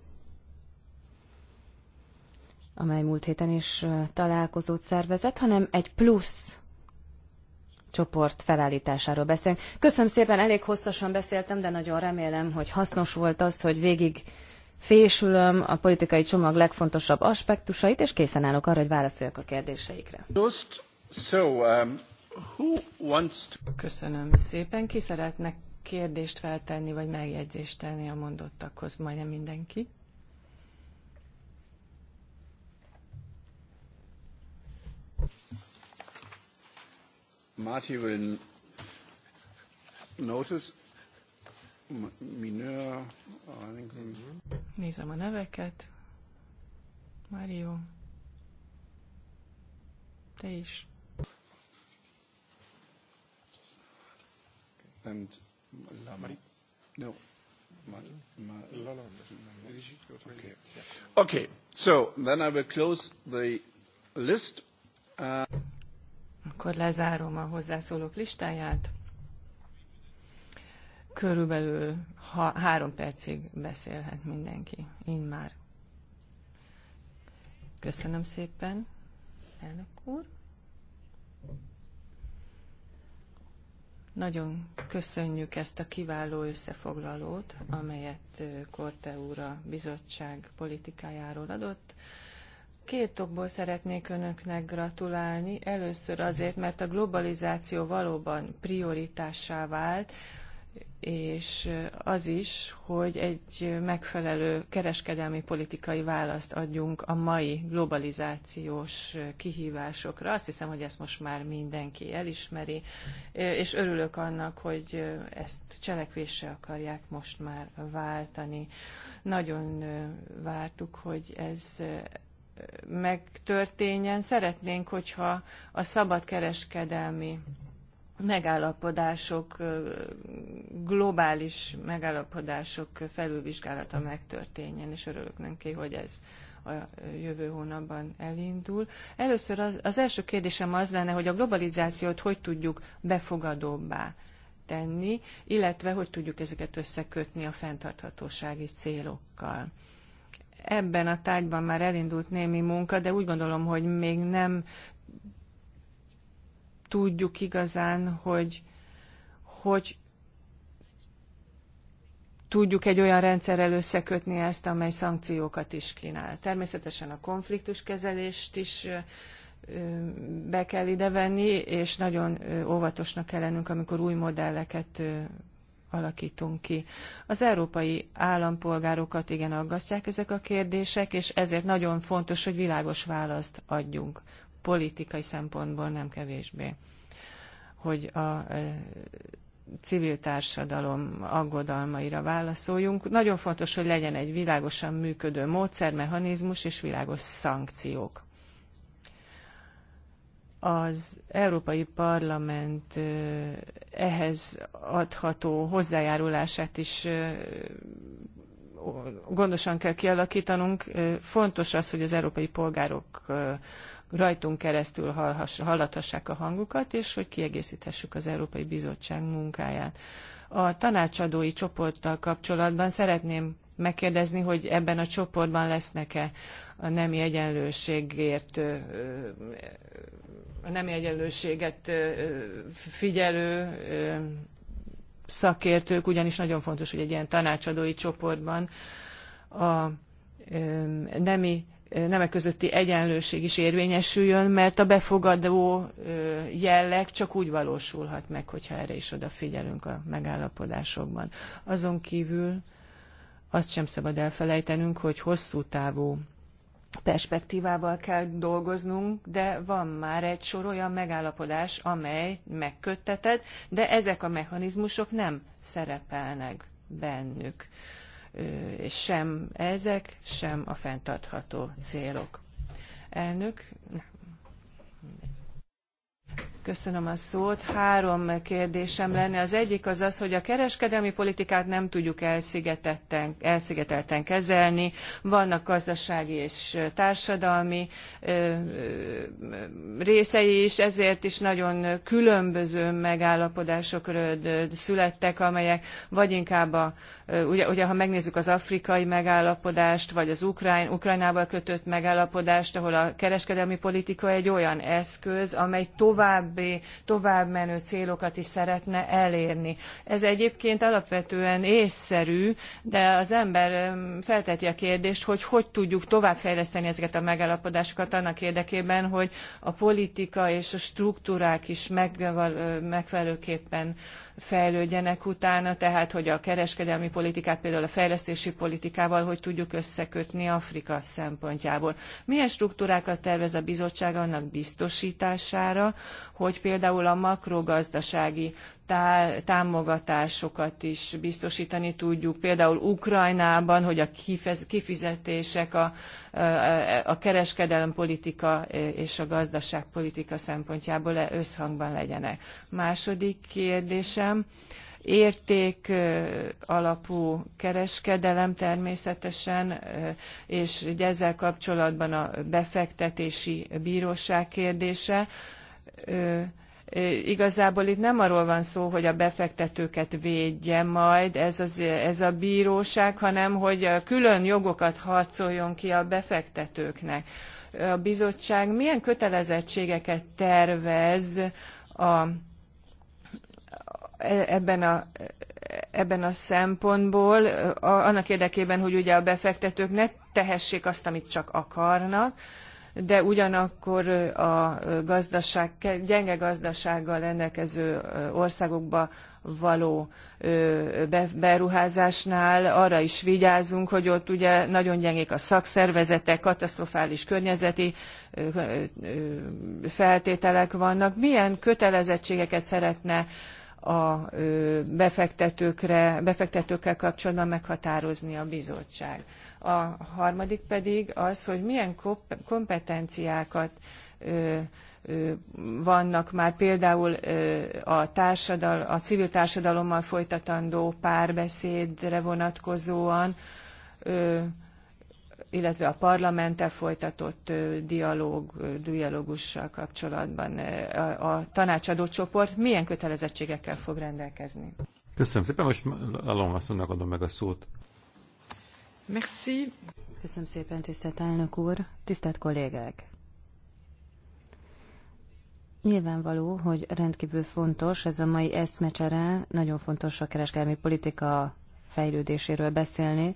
amely múlt héten is találkozót szervezett, hanem egy plusz csoport felállításáról beszélünk. Köszönöm szépen, elég hosszasan beszéltem, de nagyon remélem, hogy hasznos volt az, hogy végig fésülöm a politikai csomag legfontosabb aspektusait, és készen állok arra, hogy válaszoljak a kérdéseikre.
Just so, um, who wants to... Köszönöm szépen.
Ki szeretne kérdést feltenni, vagy megjegyzést tenni
a mondottakhoz? Majdnem mindenki.
Marty will notice minor. I think mhm.
Nézem a neveket. Mário. Te is.
And la Marie. No. okay.
okay, so then I will close the list. Uh...
Akkor lezárom a hozzászólók listáját körülbelül ha, három percig beszélhet mindenki. Én már. Köszönöm szépen, elnök úr. Nagyon köszönjük ezt a kiváló összefoglalót, amelyet Korte úr a bizottság politikájáról adott. Két okból szeretnék önöknek gratulálni. Először azért, mert a globalizáció valóban prioritássá vált, és az is, hogy egy megfelelő kereskedelmi politikai választ adjunk a mai globalizációs kihívásokra. Azt hiszem, hogy ezt most már mindenki elismeri, és örülök annak, hogy ezt cselekvéssel akarják most már váltani. Nagyon vártuk, hogy ez megtörténjen. Szeretnénk, hogyha a szabad kereskedelmi megállapodások, globális megállapodások felülvizsgálata megtörténjen, és örülök neki, hogy ez a jövő hónapban elindul. Először az, az első kérdésem az lenne, hogy a globalizációt hogy tudjuk befogadóbbá tenni, illetve hogy tudjuk ezeket összekötni a fenntarthatósági célokkal ebben a tárgyban már elindult némi munka, de úgy gondolom, hogy még nem tudjuk igazán, hogy hogy tudjuk egy olyan rendszerrel összekötni ezt, amely szankciókat is kínál. Természetesen a konfliktuskezelést is be kell venni, és nagyon óvatosnak kell lennünk, amikor új modelleket alakítunk ki. Az európai állampolgárokat igen aggasztják ezek a kérdések, és ezért nagyon fontos, hogy világos választ adjunk politikai szempontból nem kevésbé, hogy a e, civil társadalom aggodalmaira válaszoljunk. Nagyon fontos, hogy legyen egy világosan működő módszer, mechanizmus és világos szankciók. Az Európai Parlament e, ehhez adható hozzájárulását is e, gondosan kell kialakítanunk. Fontos az, hogy az európai polgárok rajtunk keresztül hallathassák a hangukat, és hogy kiegészíthessük az Európai Bizottság munkáját. A tanácsadói csoporttal kapcsolatban szeretném megkérdezni, hogy ebben a csoportban lesznek-e a nemi egyenlőségért, a nemi egyenlőséget figyelő szakértők, ugyanis nagyon fontos, hogy egy ilyen tanácsadói csoportban a nemi nemek közötti egyenlőség is érvényesüljön, mert a befogadó jelleg csak úgy valósulhat meg, hogyha erre is odafigyelünk a megállapodásokban. Azon kívül azt sem szabad elfelejtenünk, hogy hosszú távú perspektívával kell dolgoznunk, de van már egy sor olyan megállapodás, amely megköttetett, de ezek a mechanizmusok nem szerepelnek bennük sem ezek, sem a fenntartható célok. Elnök, Köszönöm a szót. Három kérdésem lenne. Az egyik az az, hogy a kereskedelmi politikát nem tudjuk elszigetelten kezelni. Vannak gazdasági és társadalmi részei is, ezért is nagyon különböző megállapodások születtek, amelyek vagy inkább a, ugye, ugye ha megnézzük az afrikai megállapodást, vagy az Ukrán, Ukrajnával kötött megállapodást, ahol a kereskedelmi politika egy olyan eszköz, amely tovább további, továbbmenő célokat is szeretne elérni. Ez egyébként alapvetően észszerű, de az ember felteti a kérdést, hogy hogy tudjuk továbbfejleszteni ezeket a megállapodásokat annak érdekében, hogy a politika és a struktúrák is megfelelőképpen fejlődjenek utána, tehát hogy a kereskedelmi politikát például a fejlesztési politikával hogy tudjuk összekötni Afrika szempontjából. Milyen struktúrákat tervez a bizottság annak biztosítására, hogy például a makrogazdasági támogatásokat is biztosítani tudjuk, például Ukrajnában, hogy a kifizetések, a, a kereskedelempolitika és a gazdaságpolitika szempontjából összhangban legyenek. Második kérdésem, érték alapú kereskedelem természetesen, és ezzel kapcsolatban a befektetési bíróság kérdése Igazából itt nem arról van szó, hogy a befektetőket védje majd ez, az, ez a bíróság, hanem hogy külön jogokat harcoljon ki a befektetőknek. A bizottság milyen kötelezettségeket tervez a, e, ebben a ebben a szempontból, annak érdekében, hogy ugye a befektetők ne tehessék azt, amit csak akarnak, de ugyanakkor a gazdaság, gyenge gazdasággal rendelkező országokba való beruházásnál arra is vigyázunk, hogy ott ugye nagyon gyengék a szakszervezetek, katasztrofális környezeti feltételek vannak. Milyen kötelezettségeket szeretne a befektetőkre, befektetőkkel kapcsolatban meghatározni a bizottság? a harmadik pedig az, hogy milyen kompetenciákat vannak már például a, társadal, a civil társadalommal folytatandó párbeszédre vonatkozóan, illetve a parlamenttel folytatott dialóg, dialógussal kapcsolatban a, a tanácsadó csoport milyen kötelezettségekkel fog rendelkezni?
Köszönöm szépen, most Alon adom meg a szót.
Merci. Köszönöm szépen, tisztelt elnök úr, tisztelt kollégák! Nyilvánvaló, hogy rendkívül fontos ez a mai eszmecsere, nagyon fontos a kereskedelmi politika fejlődéséről beszélni.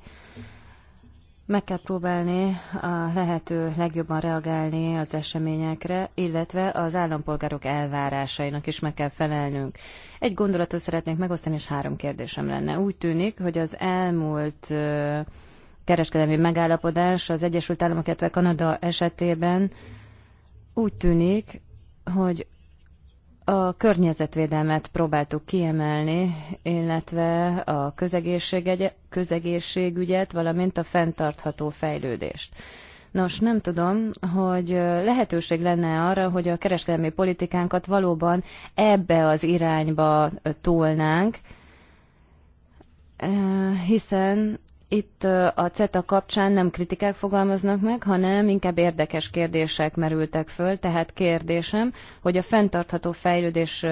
Meg kell próbálni a lehető legjobban reagálni az eseményekre, illetve az állampolgárok elvárásainak is meg kell felelnünk. Egy gondolatot szeretnék megosztani, és három kérdésem lenne. Úgy tűnik, hogy az elmúlt kereskedelmi megállapodás az Egyesült Államok, illetve Kanada esetében úgy tűnik, hogy a környezetvédelmet próbáltuk kiemelni, illetve a közegészségügyet, valamint a fenntartható fejlődést. Nos, nem tudom, hogy lehetőség lenne arra, hogy a kereskedelmi politikánkat valóban ebbe az irányba tolnánk, eh, hiszen itt a CETA kapcsán nem kritikák fogalmaznak meg, hanem inkább érdekes kérdések merültek föl, tehát kérdésem, hogy a fenntartható fejlődés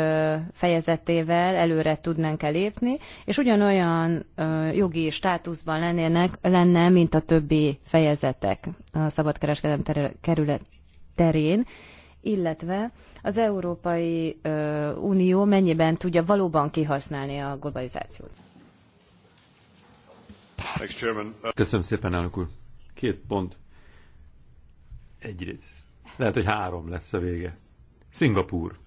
fejezetével előre tudnánk elépni, lépni, és ugyanolyan jogi státuszban lennének, lenne, mint a többi fejezetek a szabadkereskedelem kerület terén, illetve az Európai Unió mennyiben tudja valóban kihasználni a globalizációt.
Uh, Köszönöm szépen, elnök úr. Két pont. Egyrészt. Lehet, hogy három lesz a vége. Szingapúr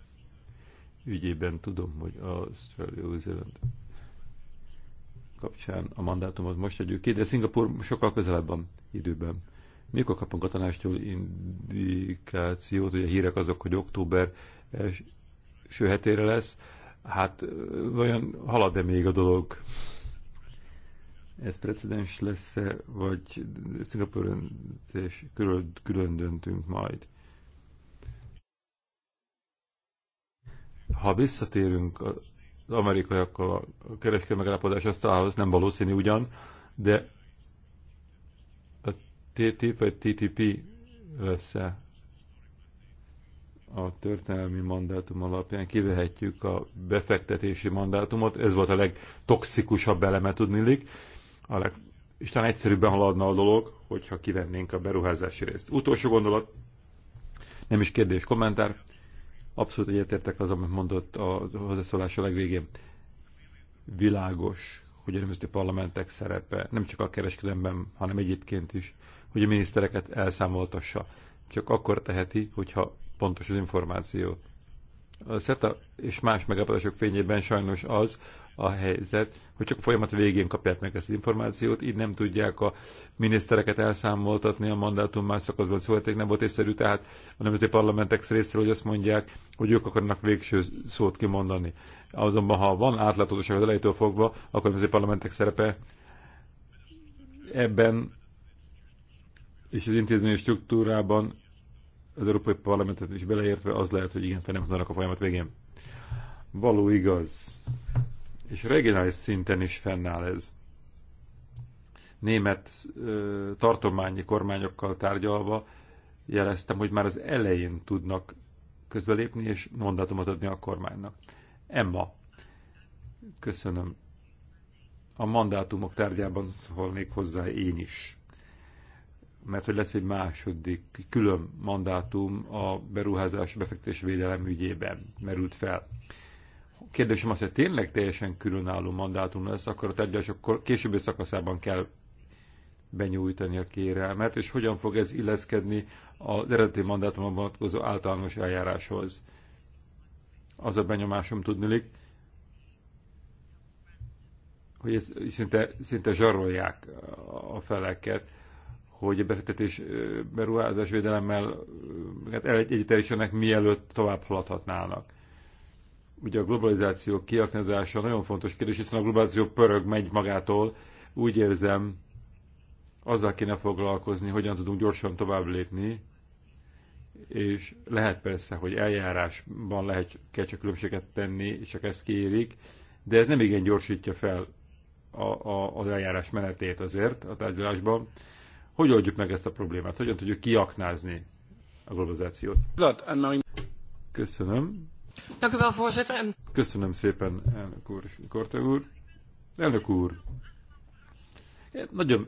ügyében tudom, hogy Ausztrália, új kapcsán a mandátumot most adjuk ki, de Szingapúr sokkal közelebb van időben. Mikor kapunk a tanástól indikációt, hogy a hírek azok, hogy október első hetére lesz, hát vajon halad-e még a dolog? ez precedens lesz-e, vagy Szingapúron külön, külön döntünk majd. Ha visszatérünk az amerikaiakkal a kereskedelmi megállapodás asztalához, nem valószínű ugyan, de a TTIP vagy TTP lesz -e a történelmi mandátum alapján kivehetjük a befektetési mandátumot. Ez volt a legtoxikusabb eleme tudnilik a leg, és talán egyszerűbben haladna a dolog, hogyha kivennénk a beruházási részt. Utolsó gondolat, nem is kérdés, kommentár. Abszolút egyetértek az, amit mondott a a legvégén. Világos, hogy a nemzeti parlamentek szerepe nem csak a kereskedelemben, hanem egyébként is, hogy a minisztereket elszámoltassa. Csak akkor teheti, hogyha pontos az információ. A SETA és más megállapodások fényében sajnos az, a helyzet, hogy csak folyamat végén kapják meg ezt az információt, így nem tudják a minisztereket elszámoltatni a mandátum más szakaszban, szóval hát nem volt észszerű, tehát a nemzeti parlamentek részéről, hogy azt mondják, hogy ők akarnak végső szót kimondani. Azonban, ha van átláthatóság az elejétől fogva, akkor a nemzeti parlamentek szerepe ebben és az intézményi struktúrában az Európai Parlamentet is beleértve, az lehet, hogy igen, fel nem a folyamat végén. Való igaz és regionális szinten is fennáll ez. Német ö, tartományi kormányokkal tárgyalva jeleztem, hogy már az elején tudnak közbelépni és mandátumot adni a kormánynak. Emma, köszönöm. A mandátumok tárgyában szólnék hozzá én is. Mert hogy lesz egy második külön mandátum a beruházás befektetés védelem ügyében merült fel kérdésem az, hogy tényleg teljesen különálló mandátum lesz, akkor a tárgyalások későbbi szakaszában kell benyújtani a kérelmet, és hogyan fog ez illeszkedni az eredeti mandátumban vonatkozó általános eljáráshoz. Az a benyomásom tudnilik, hogy ez szinte, szinte zsarolják a feleket, hogy a befektetés beruházás védelemmel hát együtteljenek, mielőtt tovább haladhatnának ugye a globalizáció kiaknázása nagyon fontos kérdés, hiszen a globalizáció pörög, megy magától. Úgy érzem, azzal kéne foglalkozni, hogyan tudunk gyorsan tovább lépni, és lehet persze, hogy eljárásban lehet, kell csak különbséget tenni, és csak ezt kérik, de ez nem igen gyorsítja fel a, a, az eljárás menetét azért a tárgyalásban. Hogy oldjuk meg ezt a problémát? Hogyan tudjuk kiaknázni a globalizációt? Köszönöm. Köszönöm szépen, elnök úr, Korte úr. Elnök úr, nagyon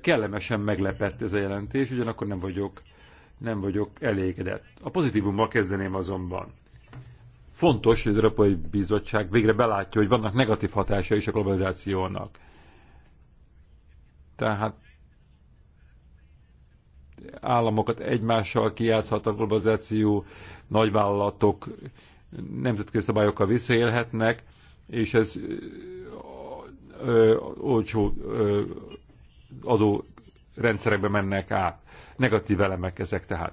kellemesen meglepett ez a jelentés, ugyanakkor nem vagyok, nem vagyok elégedett. A pozitívummal kezdeném azonban. Fontos, hogy az Európai Bizottság végre belátja, hogy vannak negatív hatása is a globalizációnak. Tehát államokat egymással kiátszhat a globalizáció, nagyvállalatok nemzetközi szabályokkal visszaélhetnek, és ez ö, olcsó ö, adó rendszerekbe mennek át. Negatív elemek ezek tehát.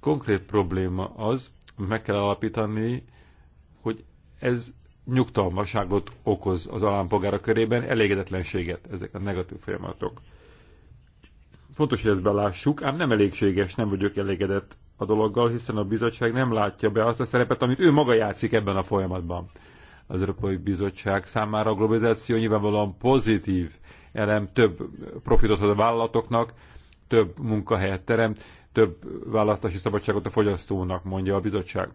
Konkrét probléma az, meg kell alapítani, hogy ez nyugtalmaságot okoz az állampolgára körében, elégedetlenséget ezek a negatív folyamatok. Fontos, hogy ezt belássuk, ám nem elégséges, nem vagyok elégedett a dologgal, hiszen a bizottság nem látja be azt a szerepet, amit ő maga játszik ebben a folyamatban. Az Európai Bizottság számára a globalizáció nyilvánvalóan pozitív elem, több profitot ad a vállalatoknak, több munkahelyet teremt, több választási szabadságot a fogyasztónak, mondja a bizottság.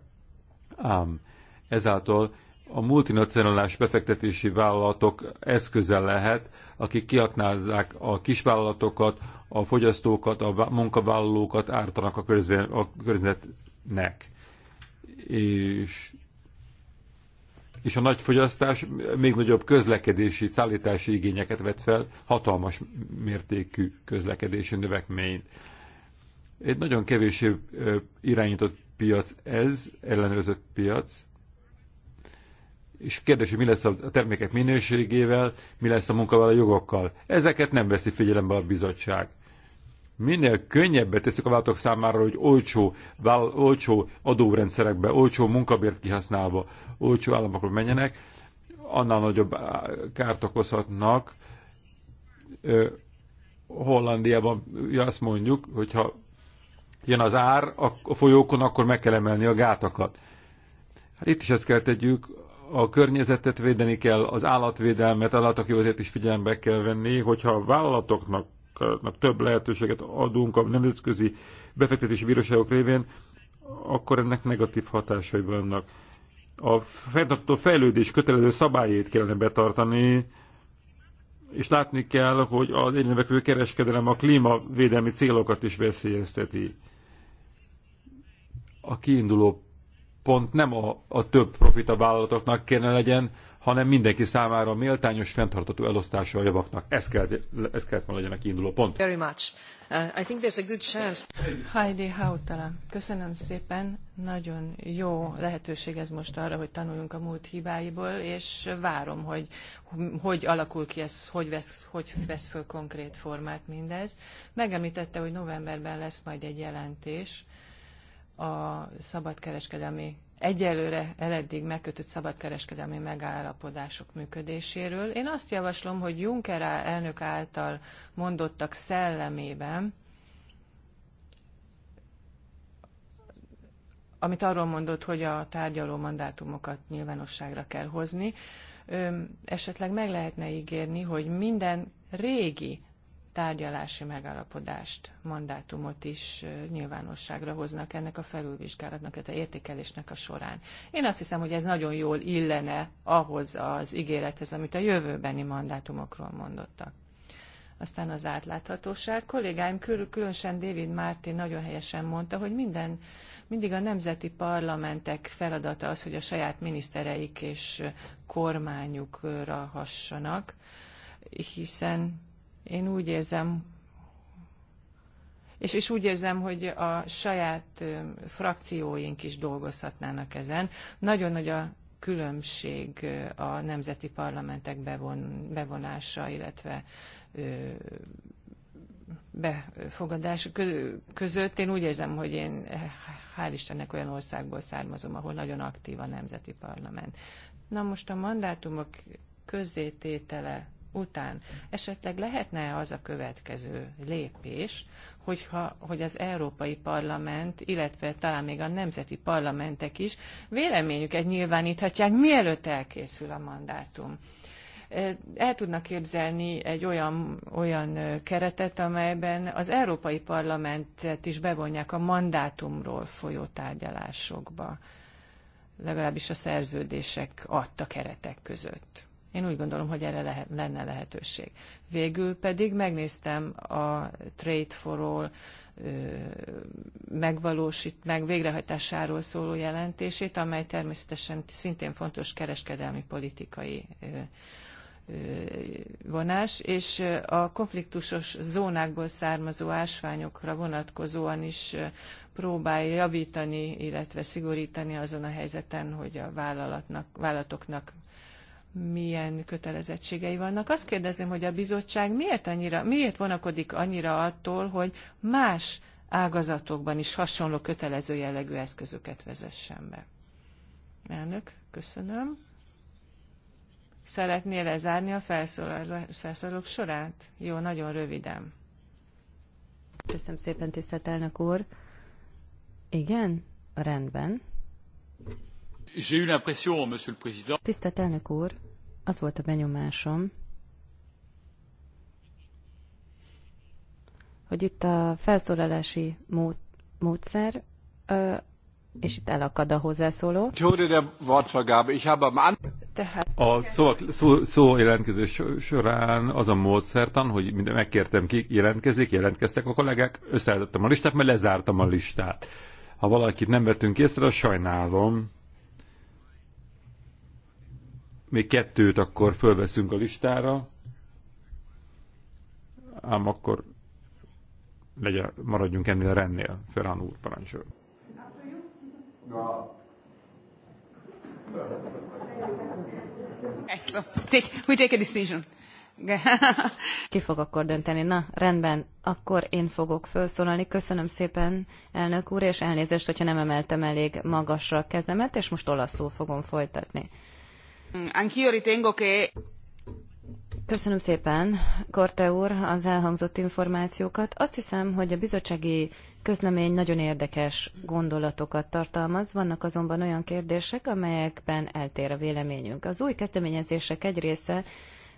Ám ezáltal a multinacionalás befektetési vállalatok eszköze lehet, akik kiaknázzák a kisvállalatokat, a fogyasztókat, a munkavállalókat ártanak a, közven, a környezetnek. És, és a nagy fogyasztás még nagyobb közlekedési, szállítási igényeket vet fel, hatalmas mértékű közlekedési növekményt. Egy nagyon kevésbé irányított piac ez, ellenőrzött piac, és kérdés, hogy mi lesz a termékek minőségével, mi lesz a munkavállaló jogokkal. Ezeket nem veszi figyelembe a bizottság. Minél könnyebbet teszik a vállalatok számára, hogy olcsó, vál, olcsó adórendszerekbe, olcsó munkabért kihasználva, olcsó államokra menjenek, annál nagyobb kárt okozhatnak. Hollandiában azt mondjuk, hogyha jön az ár a folyókon, akkor meg kell emelni a gátakat. Hát itt is ezt kell tegyük, a környezetet védeni kell, az állatvédelmet, állatok józét is figyelembe kell venni, hogyha a vállalatoknak több lehetőséget adunk a nemzetközi befektetési bíróságok révén, akkor ennek negatív hatásai vannak. A fenntartó fejlődés kötelező szabályét kellene betartani, és látni kell, hogy az egynevekvő kereskedelem a klímavédelmi célokat is veszélyezteti. A kiinduló pont nem a, a több profit a vállalatoknak kéne legyen, hanem mindenki számára méltányos, fenntartató elosztása a javaknak. Ez kellett, ez kellett volna legyen a kiinduló pont. Very much. Uh, I think there's a good
chance. Heidi Hautala, köszönöm szépen. Nagyon jó lehetőség ez most arra, hogy tanuljunk a múlt hibáiból, és várom, hogy hogy alakul ki ez, hogy vesz, hogy vesz föl konkrét formát mindez. Megemlítette, hogy novemberben lesz majd egy jelentés, a szabadkereskedelmi egyelőre eddig megkötött szabadkereskedelmi megállapodások működéséről. Én azt javaslom, hogy Juncker elnök által mondottak szellemében, amit arról mondott, hogy a tárgyaló mandátumokat nyilvánosságra kell hozni, esetleg meg lehetne ígérni, hogy minden régi tárgyalási megállapodást, mandátumot is nyilvánosságra hoznak ennek a felülvizsgálatnak, tehát a értékelésnek a során. Én azt hiszem, hogy ez nagyon jól illene ahhoz az ígérethez, amit a jövőbeni mandátumokról mondottak. Aztán az átláthatóság. Kollégáim, különösen David Márti nagyon helyesen mondta, hogy minden, mindig a nemzeti parlamentek feladata az, hogy a saját minisztereik és kormányukra hassanak, hiszen én úgy érzem, és, és úgy érzem, hogy a saját frakcióink is dolgozhatnának ezen. Nagyon nagy a különbség a nemzeti parlamentek bevon, bevonása, illetve befogadás között. Én úgy érzem, hogy én hál' Istennek olyan országból származom, ahol nagyon aktív a nemzeti parlament. Na most a mandátumok közzététele után. Esetleg lehetne az a következő lépés, hogyha, hogy az Európai Parlament, illetve talán még a nemzeti parlamentek is véleményüket nyilváníthatják, mielőtt elkészül a mandátum el tudnak képzelni egy olyan, olyan keretet, amelyben az Európai Parlamentet is bevonják a mandátumról folyó tárgyalásokba, legalábbis a szerződések adta keretek között. Én úgy gondolom, hogy erre lehet, lenne lehetőség. Végül pedig megnéztem a Trade for All megvalósít, meg végrehajtásáról szóló jelentését, amely természetesen szintén fontos kereskedelmi politikai vonás, és a konfliktusos zónákból származó ásványokra vonatkozóan is próbálja javítani, illetve szigorítani azon a helyzeten, hogy a vállalatnak, vállalatoknak milyen kötelezettségei vannak. Azt kérdezem, hogy a bizottság miért, annyira, miért vonakodik annyira attól, hogy más ágazatokban is hasonló kötelező jellegű eszközöket vezessen be. Elnök, köszönöm. Szeretnél lezárni a felszólalók sorát?
Jó, nagyon röviden. Köszönöm szépen, tisztelt elnök úr. Igen? Rendben. Tisztelt elnök úr, az volt a benyomásom, hogy itt a felszólalási mód, módszer, ö, és itt elakad a hozzászóló.
A szó, szó, szó jelentkezés során az a módszertan, hogy minden megkértem ki, jelentkezik, jelentkeztek a kollégák, összeállítottam a listát, mert lezártam a listát. Ha valakit nem vettünk észre, azt sajnálom, még kettőt akkor fölveszünk a listára, ám akkor legyen, maradjunk ennél a rendnél, Ferhan úr parancsol.
So, take, we take a decision. Ki fog akkor dönteni? Na, rendben, akkor én fogok felszólalni. Köszönöm szépen, elnök úr, és elnézést, hogyha nem emeltem elég magasra a kezemet, és most olaszul fogom folytatni.
Anch'io ritengo che
Köszönöm szépen, Korte úr, az elhangzott információkat. Azt hiszem, hogy a bizottsági közlemény nagyon érdekes gondolatokat tartalmaz, vannak azonban olyan kérdések, amelyekben eltér a véleményünk. Az új kezdeményezések egy része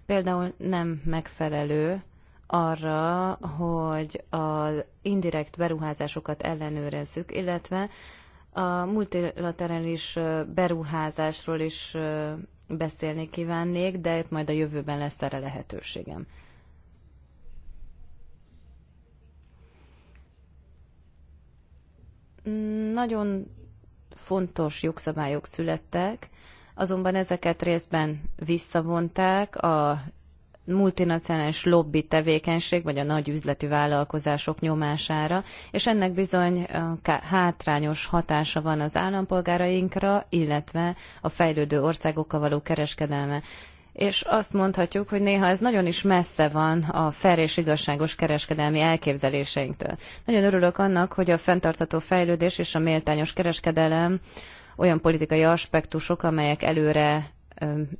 például nem megfelelő arra, hogy az indirekt beruházásokat ellenőrezzük, illetve a multilaterális beruházásról is beszélni kívánnék, de itt majd a jövőben lesz erre lehetőségem. Nagyon fontos jogszabályok születtek, azonban ezeket részben visszavonták a multinacionális lobby tevékenység, vagy a nagy üzleti vállalkozások nyomására, és ennek bizony hátrányos hatása van az állampolgárainkra, illetve a fejlődő országokkal való kereskedelme és azt mondhatjuk, hogy néha ez nagyon is messze van a fair és igazságos kereskedelmi elképzeléseinktől. Nagyon örülök annak, hogy a fenntartató fejlődés és a méltányos kereskedelem olyan politikai aspektusok, amelyek előre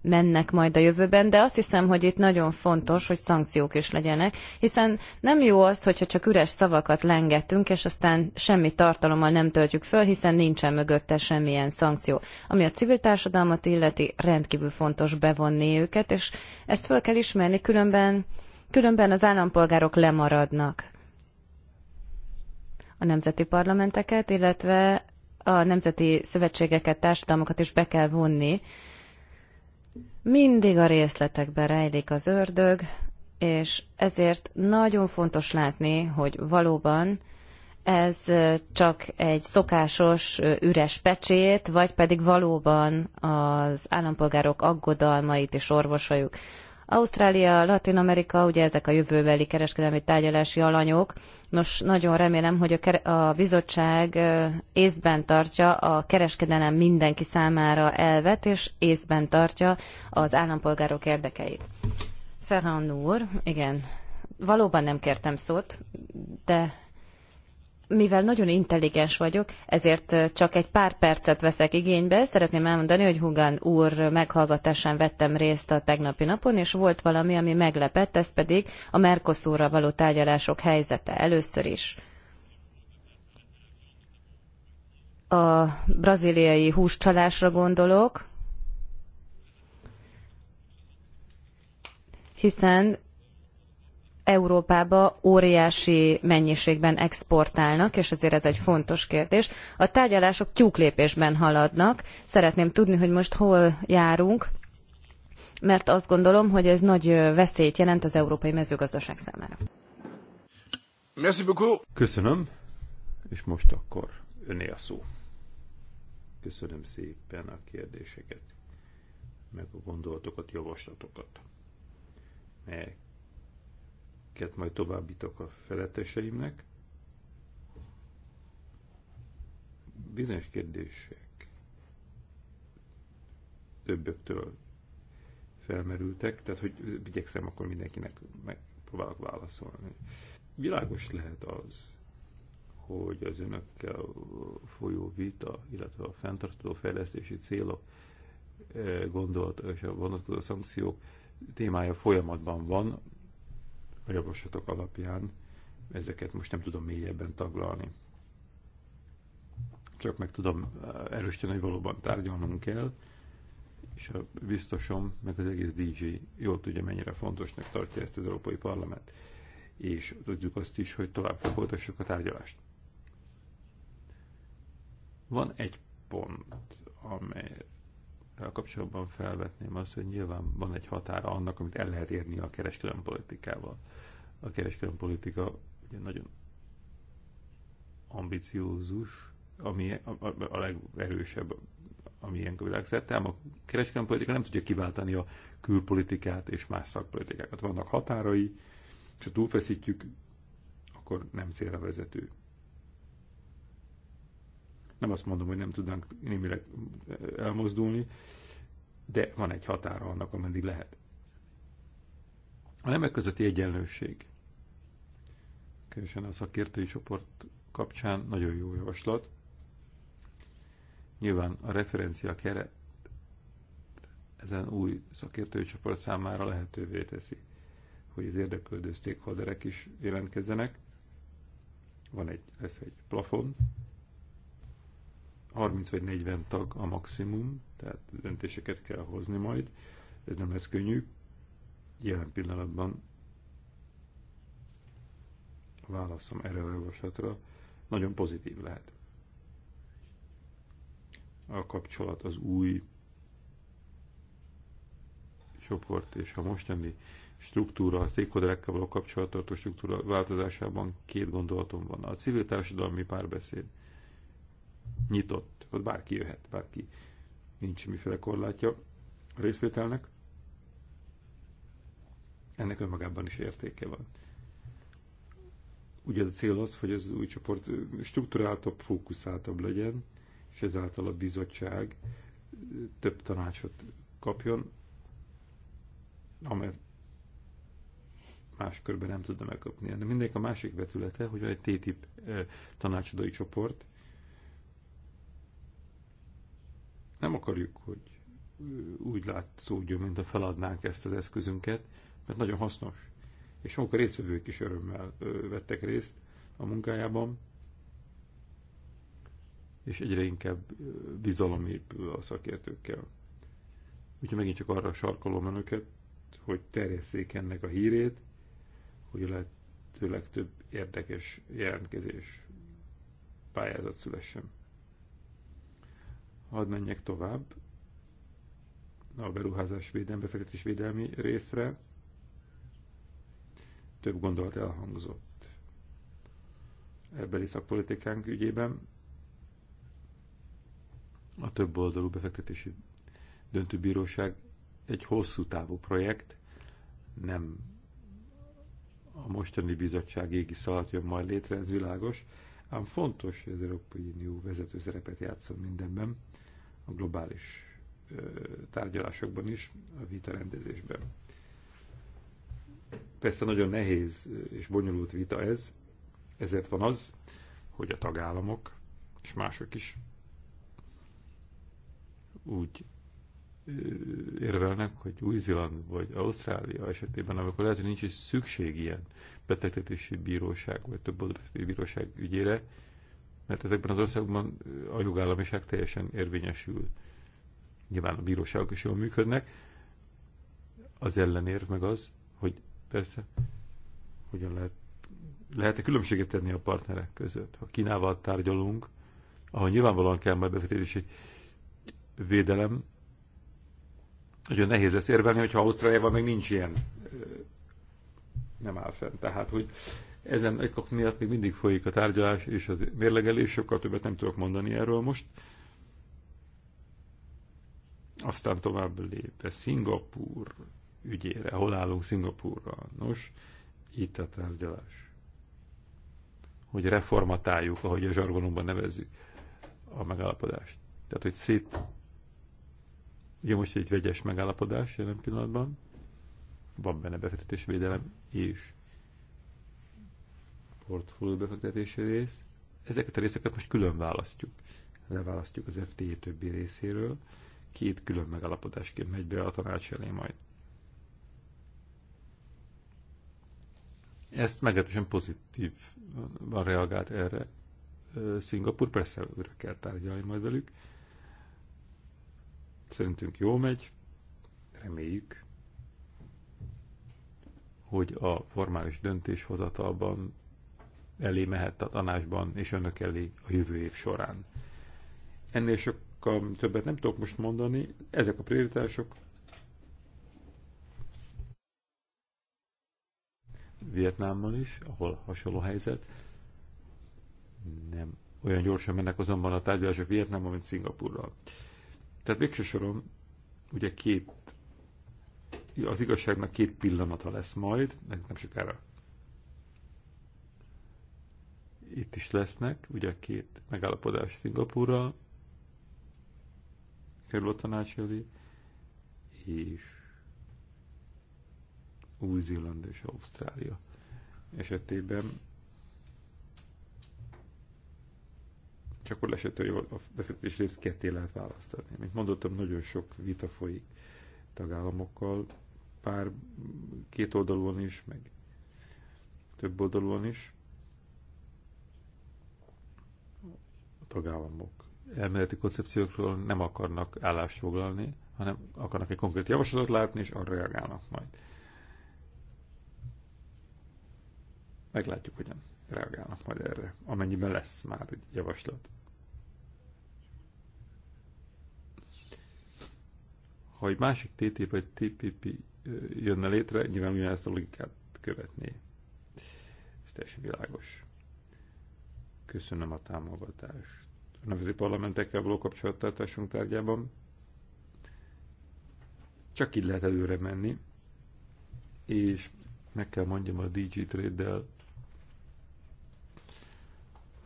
mennek majd a jövőben, de azt hiszem, hogy itt nagyon fontos, hogy szankciók is legyenek, hiszen nem jó az, hogyha csak üres szavakat lengetünk, és aztán semmi tartalommal nem töltjük föl, hiszen nincsen mögötte semmilyen szankció. Ami a civil társadalmat illeti, rendkívül fontos bevonni őket, és ezt föl kell ismerni, különben, különben az állampolgárok lemaradnak a nemzeti parlamenteket, illetve a nemzeti szövetségeket, társadalmakat is be kell vonni mindig a részletekben rejlik az ördög, és ezért nagyon fontos látni, hogy valóban ez csak egy szokásos üres pecsét, vagy pedig valóban az állampolgárok aggodalmait is orvosoljuk. Ausztrália, Latin Amerika, ugye ezek a jövőbeli kereskedelmi tárgyalási alanyok. Nos, nagyon remélem, hogy a, a bizottság észben tartja a kereskedelem mindenki számára elvet, és észben tartja az állampolgárok érdekeit. Ferran úr, igen, valóban nem kértem szót, de mivel nagyon intelligens vagyok, ezért csak egy pár percet veszek igénybe. Szeretném elmondani, hogy Hugan úr meghallgatásán vettem részt a tegnapi napon, és volt valami, ami meglepett, ez pedig a Mercosurra való tárgyalások helyzete először is. A braziliai húscsalásra gondolok, hiszen Európába óriási mennyiségben exportálnak, és ezért ez egy fontos kérdés. A tárgyalások tyúklépésben haladnak. Szeretném tudni, hogy most hol járunk, mert azt gondolom, hogy ez nagy veszélyt jelent az európai mezőgazdaság
számára. Köszönöm, és most akkor öné a szó. Köszönöm szépen a kérdéseket, meg a gondolatokat, javaslatokat, amiket majd továbbítok a feletteseimnek. Bizonyos kérdések többöktől felmerültek, tehát hogy igyekszem akkor mindenkinek megpróbálok válaszolni. Világos lehet az, hogy az önökkel folyó vita, illetve a fenntartó fejlesztési célok eh, gondolat és a vonatkozó szankciók témája folyamatban van, a javaslatok alapján. Ezeket most nem tudom mélyebben taglalni. Csak meg tudom eh, erősíteni, hogy valóban tárgyalnunk kell, és a biztosom, meg az egész DJ jól tudja, mennyire fontosnak tartja ezt az Európai Parlament. És tudjuk azt is, hogy tovább folytassuk a tárgyalást. Van egy pont, amely kapcsolatban felvetném azt, hogy nyilván van egy határa annak, amit el lehet érni a kereskedelmi politikával. A kereskedelmi politika ugye nagyon ambiciózus, ami a, a, a legerősebb, ami ilyen világszerte, ám a kereskedelmi politika nem tudja kiváltani a külpolitikát és más szakpolitikákat. Vannak határai, és ha túlfeszítjük, akkor nem célra vezető. Nem azt mondom, hogy nem tudnánk némileg elmozdulni, de van egy határa annak, ameddig lehet. A nemek közötti egyenlőség. Különösen a szakértői csoport kapcsán nagyon jó javaslat. Nyilván a referencia keret ezen új szakértői csoport számára lehetővé teszi, hogy az érdeklődő stakeholderek is jelentkezzenek. Van egy, lesz egy plafon, 30 vagy 40 tag a maximum, tehát döntéseket kell hozni majd. Ez nem lesz könnyű. Jelen pillanatban a válaszom erre a javaslatra nagyon pozitív lehet. A kapcsolat az új csoport és a mostani struktúra, a stakeholderekkel való kapcsolattartó struktúra változásában két gondolatom van. A civil társadalmi párbeszéd nyitott, ott bárki jöhet, bárki. Nincs semmiféle korlátja a részvételnek. Ennek önmagában is értéke van. Ugye a cél az, hogy az új csoport struktúráltabb, fókuszáltabb legyen, és ezáltal a bizottság több tanácsot kapjon, amely más körben nem tudna megkapni. De mindenki a másik vetülete, hogy van egy TTIP eh, tanácsadói csoport, Nem akarjuk, hogy úgy látszódjon, mint a feladnánk ezt az eszközünket, mert nagyon hasznos. És amikor részvevők is örömmel vettek részt a munkájában, és egyre inkább bizalom épül a szakértőkkel. Úgyhogy megint csak arra sarkolom önöket, hogy terjesszék ennek a hírét, hogy lehetőleg több érdekes jelentkezés pályázat szülessen. Hadd menjek tovább a beruházás védelmi, befektetés védelmi részre. Több gondolat elhangzott ebbeli szakpolitikánk ügyében. A több oldalú befektetési döntőbíróság egy hosszú távú projekt, nem a mostani bizottság égi szalat jön majd létre, ez világos, Ám fontos, hogy az Európai Unió vezető szerepet játszon mindenben, a globális tárgyalásokban is, a vita rendezésben. Persze nagyon nehéz és bonyolult vita ez, ezért van az, hogy a tagállamok és mások is úgy érvelnek, hogy Új-Zéland vagy Ausztrália esetében, amikor lehet, hogy nincs is szükség ilyen betegtetési bíróság vagy több adott bíróság ügyére, mert ezekben az országokban a jogállamiság teljesen érvényesül. Nyilván a bíróságok is jól működnek. Az ellenérv meg az, hogy persze, hogyan lehet, lehet-e különbséget tenni a partnerek között. Ha Kínával tárgyalunk, ahol nyilvánvalóan kell majd befektetési védelem, nagyon nehéz ezt érvelni, hogyha Ausztráliában meg nincs ilyen, nem áll fenn. Tehát, hogy ezen kap miatt még mindig folyik a tárgyalás és az mérlegelés, sokkal többet nem tudok mondani erről most. Aztán tovább lépve Szingapúr ügyére. Hol állunk Szingapúrra? Nos, itt a tárgyalás. Hogy reformatáljuk, ahogy a zsargonomban nevezzük a megállapodást. Tehát, hogy szét Ugye most egy vegyes megállapodás jelen pillanatban, van benne befektetésvédelem és portfólió befektetési rész. Ezeket a részeket most külön választjuk. Leválasztjuk az FT e többi részéről. Két külön megállapodásként megy be a tanács elé majd. Ezt meglehetősen van reagált erre. Szingapur persze újra kell tárgyalni majd velük Szerintünk jó megy, reméljük, hogy a formális döntéshozatalban elé mehet a tanácsban és önök elé a jövő év során. Ennél sokkal többet nem tudok most mondani, ezek a prioritások. Vietnámmal is, ahol hasonló helyzet. Nem olyan gyorsan mennek azonban a tárgyalások Vietnámmal mint Szingapurral. Tehát végső soron ugye két, az igazságnak két pillanata lesz majd, meg nem sokára itt is lesznek, ugye két megállapodás szingapúra, kerül a tanács elé, és Új-Zéland és Ausztrália esetében csak akkor lesett, hogy a befektetés részt ketté lehet választani. Mint mondottam, nagyon sok vita folyik tagállamokkal, pár két oldalon is, meg több oldalon is. A tagállamok elméleti koncepciókról nem akarnak állást foglalni, hanem akarnak egy konkrét javaslatot látni, és arra reagálnak majd. Meglátjuk, hogy nem reagálnak majd erre, amennyiben lesz már egy javaslat. Ha egy másik TT vagy TPP jönne létre, nyilván ezt a logikát követné. Ez teljesen világos. Köszönöm a támogatást. A nemzeti parlamentekkel való kapcsolattartásunk tárgyában csak így lehet előre menni, és meg kell mondjam a DG Trade-del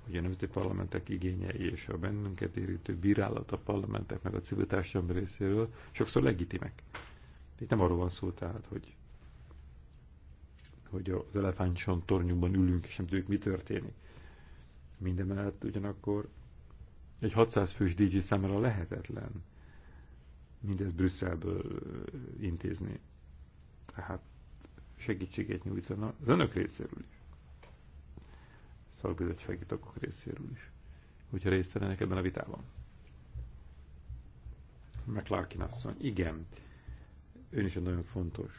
hogy a nemzeti parlamentek igényei és a bennünket érintő bírálat a parlamentek meg a civil társadalom részéről sokszor legitimek. Itt nem arról van szó tehát, hogy, hogy az elefántson tornyunkban ülünk, és nem tudjuk, mi történik. mellett ugyanakkor egy 600 fős DJ számára lehetetlen mindezt Brüsszelből intézni. Tehát segítséget nyújtana az önök részéről is szakbizottsági tagok részéről is, hogyha részt vennének ebben a vitában. McLarkin asszony, igen, ön is egy nagyon fontos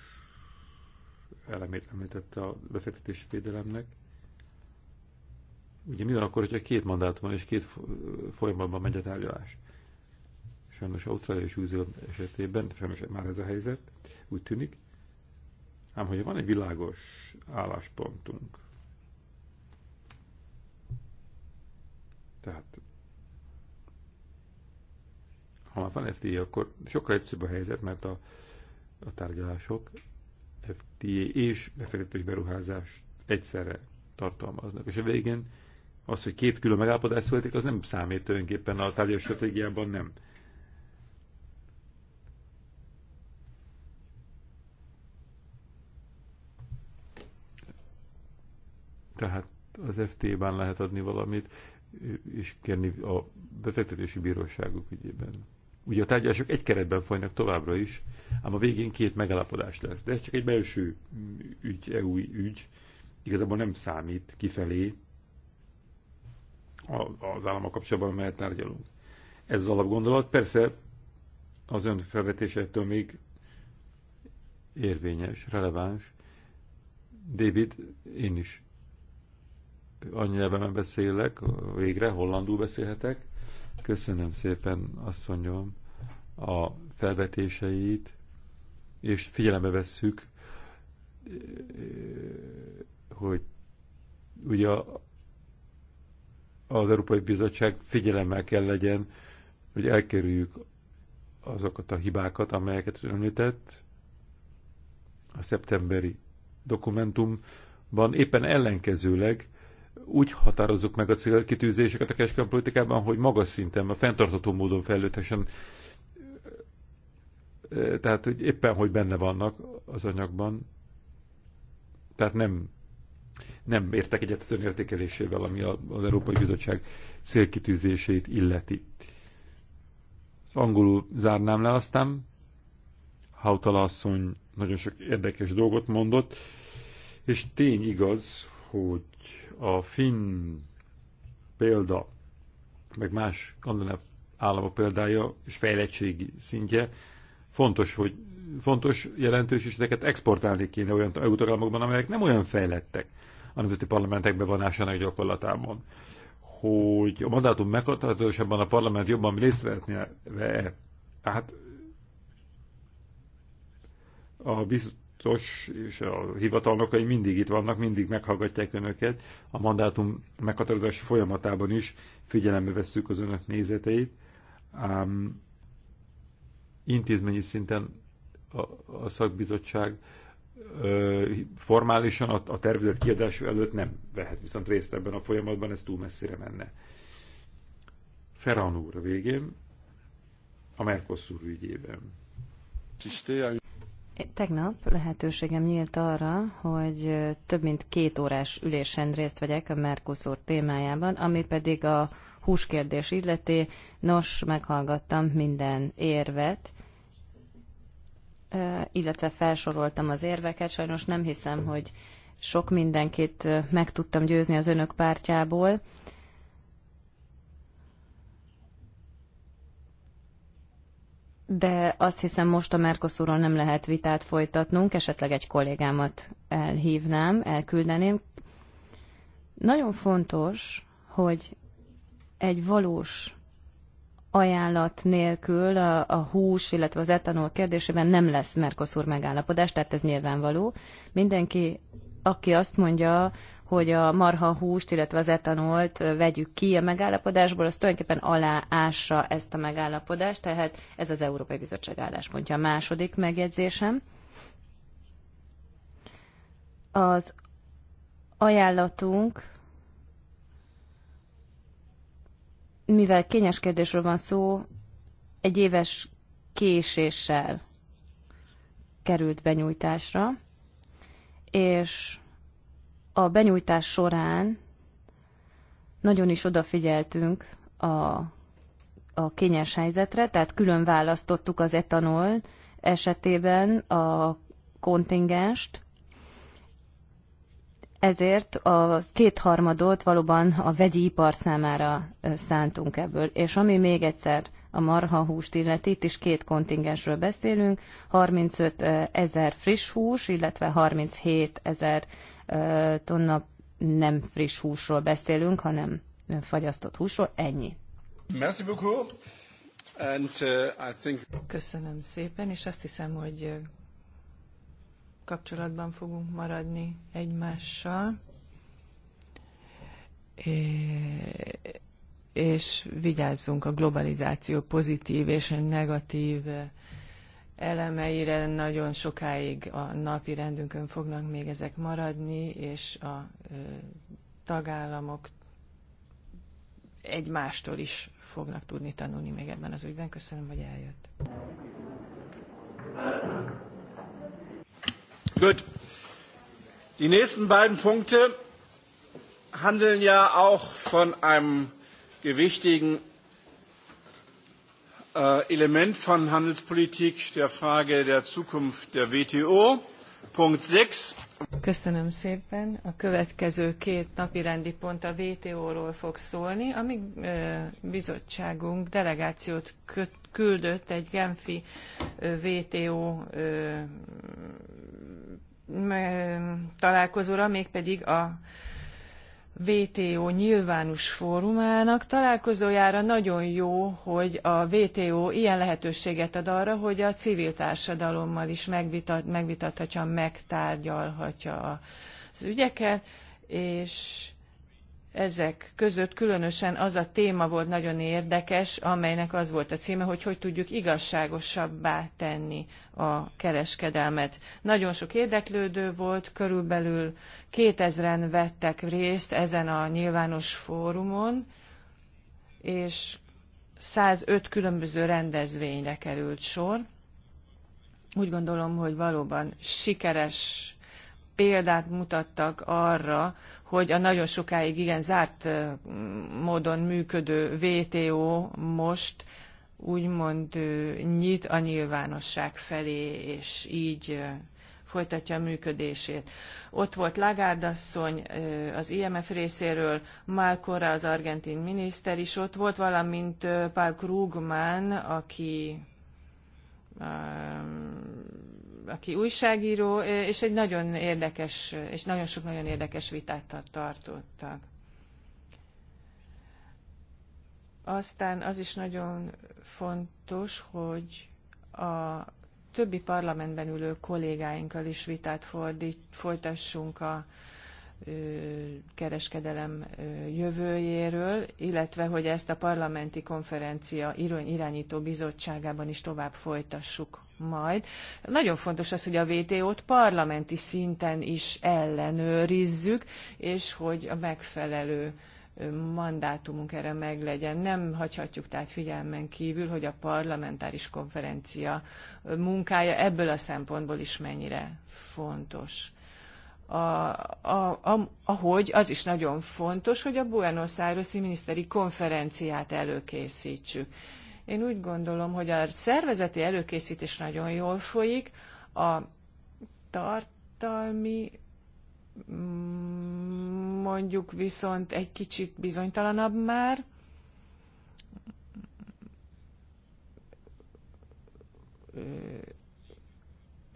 elemét említette a befektetési védelemnek. Ugye mi van akkor, hogyha két mandátum van és két folyamatban megy a tárgyalás? Sajnos Ausztrália és Új esetében, sajnos már ez a helyzet, úgy tűnik. Ám hogyha van egy világos álláspontunk, Tehát ha már van FTA, akkor sokkal egyszerűbb a helyzet, mert a, a tárgyalások FTA és befektetés beruházás egyszerre tartalmaznak. És a végén az, hogy két külön megállapodás születik, az nem számít tulajdonképpen a tárgyalás stratégiában nem. Tehát az FT-ben lehet adni valamit és kérni a befektetési bíróságok ügyében. Ugye a tárgyalások egy keretben folynak továbbra is, ám a végén két megállapodás lesz. De ez csak egy belső ügy, EU ügy, igazából nem számít kifelé az állama kapcsolatban, amelyet tárgyalunk. Ez az alapgondolat. Persze az ön felvetésétől még érvényes, releváns. David, én is anyanyelvemen beszélek, végre hollandul beszélhetek. Köszönöm szépen, asszonyom, a felvetéseit, és figyelembe vesszük, hogy ugye az Európai Bizottság figyelemmel kell legyen, hogy elkerüljük azokat a hibákat, amelyeket említett a szeptemberi dokumentumban, éppen ellenkezőleg úgy határozzuk meg a célkitűzéseket a kereskedelmi politikában, hogy magas szinten, a fenntartható módon fejlődhessen. Tehát, hogy éppen hogy benne vannak az anyagban. Tehát nem, nem értek egyet az önértékelésével, ami az Európai Bizottság célkitűzését illeti. Az angolul zárnám le aztán. Hautala asszony nagyon sok érdekes dolgot mondott, és tény igaz, hogy a finn példa, meg más skandináv államok példája és fejlettségi szintje fontos, hogy fontos, jelentős, és ezeket exportálni kéne olyan EU tagállamokban, amelyek nem olyan fejlettek a nemzeti parlamentek bevonásának gyakorlatában, hogy a mandátum meghatározásában a parlament jobban részt vehetne -e. Hát a biztos biztos és a hivatalnokai mindig itt vannak, mindig meghallgatják önöket. A mandátum meghatározási folyamatában is figyelembe vesszük az önök nézeteit. Ám intézményi szinten a, a szakbizottság ö, formálisan a, a tervezett kiadás előtt nem vehet viszont részt ebben a folyamatban, ez túl messzire menne. Ferran úr a végén, a Mercosur ügyében.
Tegnap lehetőségem nyílt arra, hogy több mint két órás ülésen részt vegyek a Mercosur témájában, ami pedig a húskérdés illeti. Nos, meghallgattam minden érvet, illetve felsoroltam az érveket. Sajnos nem hiszem, hogy sok mindenkit meg tudtam győzni az önök pártjából. de azt hiszem most a Mercosurról nem lehet vitát folytatnunk, esetleg egy kollégámat elhívnám, elküldeném. Nagyon fontos, hogy egy valós ajánlat nélkül a, a hús, illetve az etanol kérdésében nem lesz Mercosur megállapodás, tehát ez nyilvánvaló. Mindenki, aki azt mondja, hogy a marha húst, illetve az etanolt vegyük ki a megállapodásból, az tulajdonképpen aláássa ezt a megállapodást, tehát ez az Európai Bizottság álláspontja. A második megjegyzésem. Az ajánlatunk, mivel kényes kérdésről van szó, egy éves késéssel került benyújtásra, és a benyújtás során nagyon is odafigyeltünk a, a kényes helyzetre, tehát külön választottuk az etanol esetében a kontingenst, ezért a kétharmadot valóban a vegyi ipar számára szántunk ebből. És ami még egyszer a marhahúst illeti, itt is két kontingensről beszélünk, 35 ezer friss hús, illetve 37 ezer tonna nem friss húsról beszélünk, hanem fagyasztott húsról. Ennyi.
Merci beaucoup. And, uh, I think...
Köszönöm szépen, és azt hiszem, hogy kapcsolatban fogunk maradni egymással. És vigyázzunk a globalizáció pozitív és negatív elemeire nagyon sokáig a napi rendünkön fognak még ezek maradni, és a tagállamok egymástól is fognak tudni tanulni még ebben az ügyben. Köszönöm, hogy eljött. Gut. Die nächsten beiden Punkte handeln ja auch von einem gewichtigen Äh, Element von Handelspolitik, der Frage der Zukunft der WTO. Punkt 6. Köszönöm szépen. A következő két napirendi pont a WTO-ról fog szólni, amíg bizottságunk delegációt küldött egy Genfi WTO találkozóra, mégpedig a WTO nyilvános fórumának találkozójára nagyon jó, hogy a WTO ilyen lehetőséget ad arra, hogy a civil társadalommal is megvitathatja, megtárgyalhatja az ügyeket, és ezek között különösen az a téma volt nagyon érdekes, amelynek az volt a címe, hogy hogy tudjuk igazságosabbá tenni a kereskedelmet. Nagyon sok érdeklődő volt, körülbelül 2000-en vettek részt ezen a nyilvános fórumon, és 105 különböző rendezvényre került sor. Úgy gondolom, hogy valóban sikeres példát mutattak arra, hogy a nagyon sokáig igen zárt módon működő VTO most úgymond nyit a nyilvánosság felé, és így folytatja a működését. Ott volt Lagarde asszony az IMF részéről, Malcora az argentin miniszter is ott volt, valamint Paul Krugman, aki aki újságíró, és egy nagyon érdekes, és nagyon sok nagyon érdekes vitát tartottak. Aztán az is nagyon fontos, hogy a többi parlamentben ülő kollégáinkkal is vitát fordít, folytassunk a, kereskedelem jövőjéről, illetve hogy ezt a parlamenti konferencia irányító bizottságában is tovább folytassuk majd. Nagyon fontos az, hogy a VTO-t parlamenti szinten is ellenőrizzük, és hogy a megfelelő mandátumunk erre meglegyen. Nem hagyhatjuk tehát figyelmen kívül, hogy a parlamentáris konferencia munkája ebből a szempontból is mennyire fontos a, a, a, ahogy az is nagyon fontos, hogy a Buenos Aires-i miniszteri konferenciát előkészítsük. Én úgy gondolom, hogy a szervezeti előkészítés nagyon jól folyik, a tartalmi mm, mondjuk viszont egy kicsit bizonytalanabb már.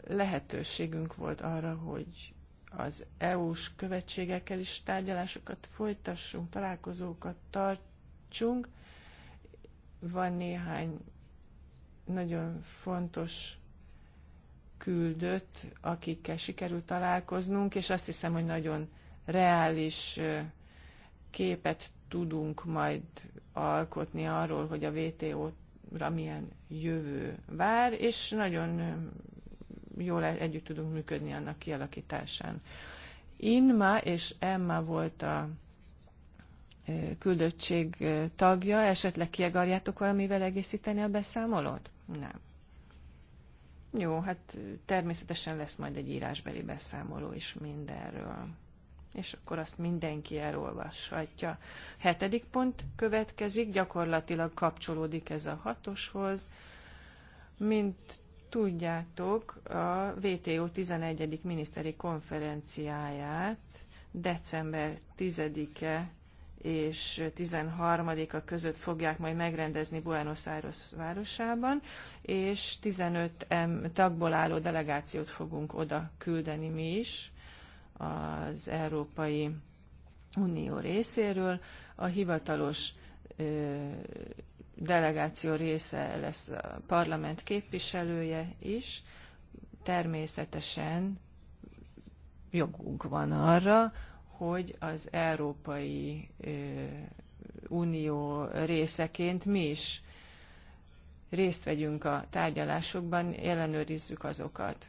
Lehetőségünk volt arra, hogy az EU-s követségekkel is tárgyalásokat folytassunk, találkozókat tartsunk. Van néhány nagyon fontos küldött, akikkel sikerült találkoznunk, és azt hiszem, hogy nagyon reális képet tudunk majd alkotni arról, hogy a WTO-ra milyen jövő vár, és nagyon jól e- együtt tudunk működni annak kialakításán. Inma és Emma volt a küldöttség tagja, esetleg kiegarjátok valamivel egészíteni a beszámolót? Nem. Jó, hát természetesen lesz majd egy írásbeli beszámoló is mindenről. És akkor azt mindenki elolvashatja. Hetedik pont következik, gyakorlatilag kapcsolódik ez a hatoshoz. Mint Tudjátok, a WTO 11. miniszteri konferenciáját december 10-e és 13-a között fogják majd megrendezni Buenos Aires városában, és 15 tagból álló delegációt fogunk oda küldeni mi is az Európai Unió részéről. A hivatalos delegáció része lesz a parlament képviselője is. Természetesen jogunk van arra, hogy az Európai Unió részeként mi is részt vegyünk a tárgyalásokban, ellenőrizzük azokat.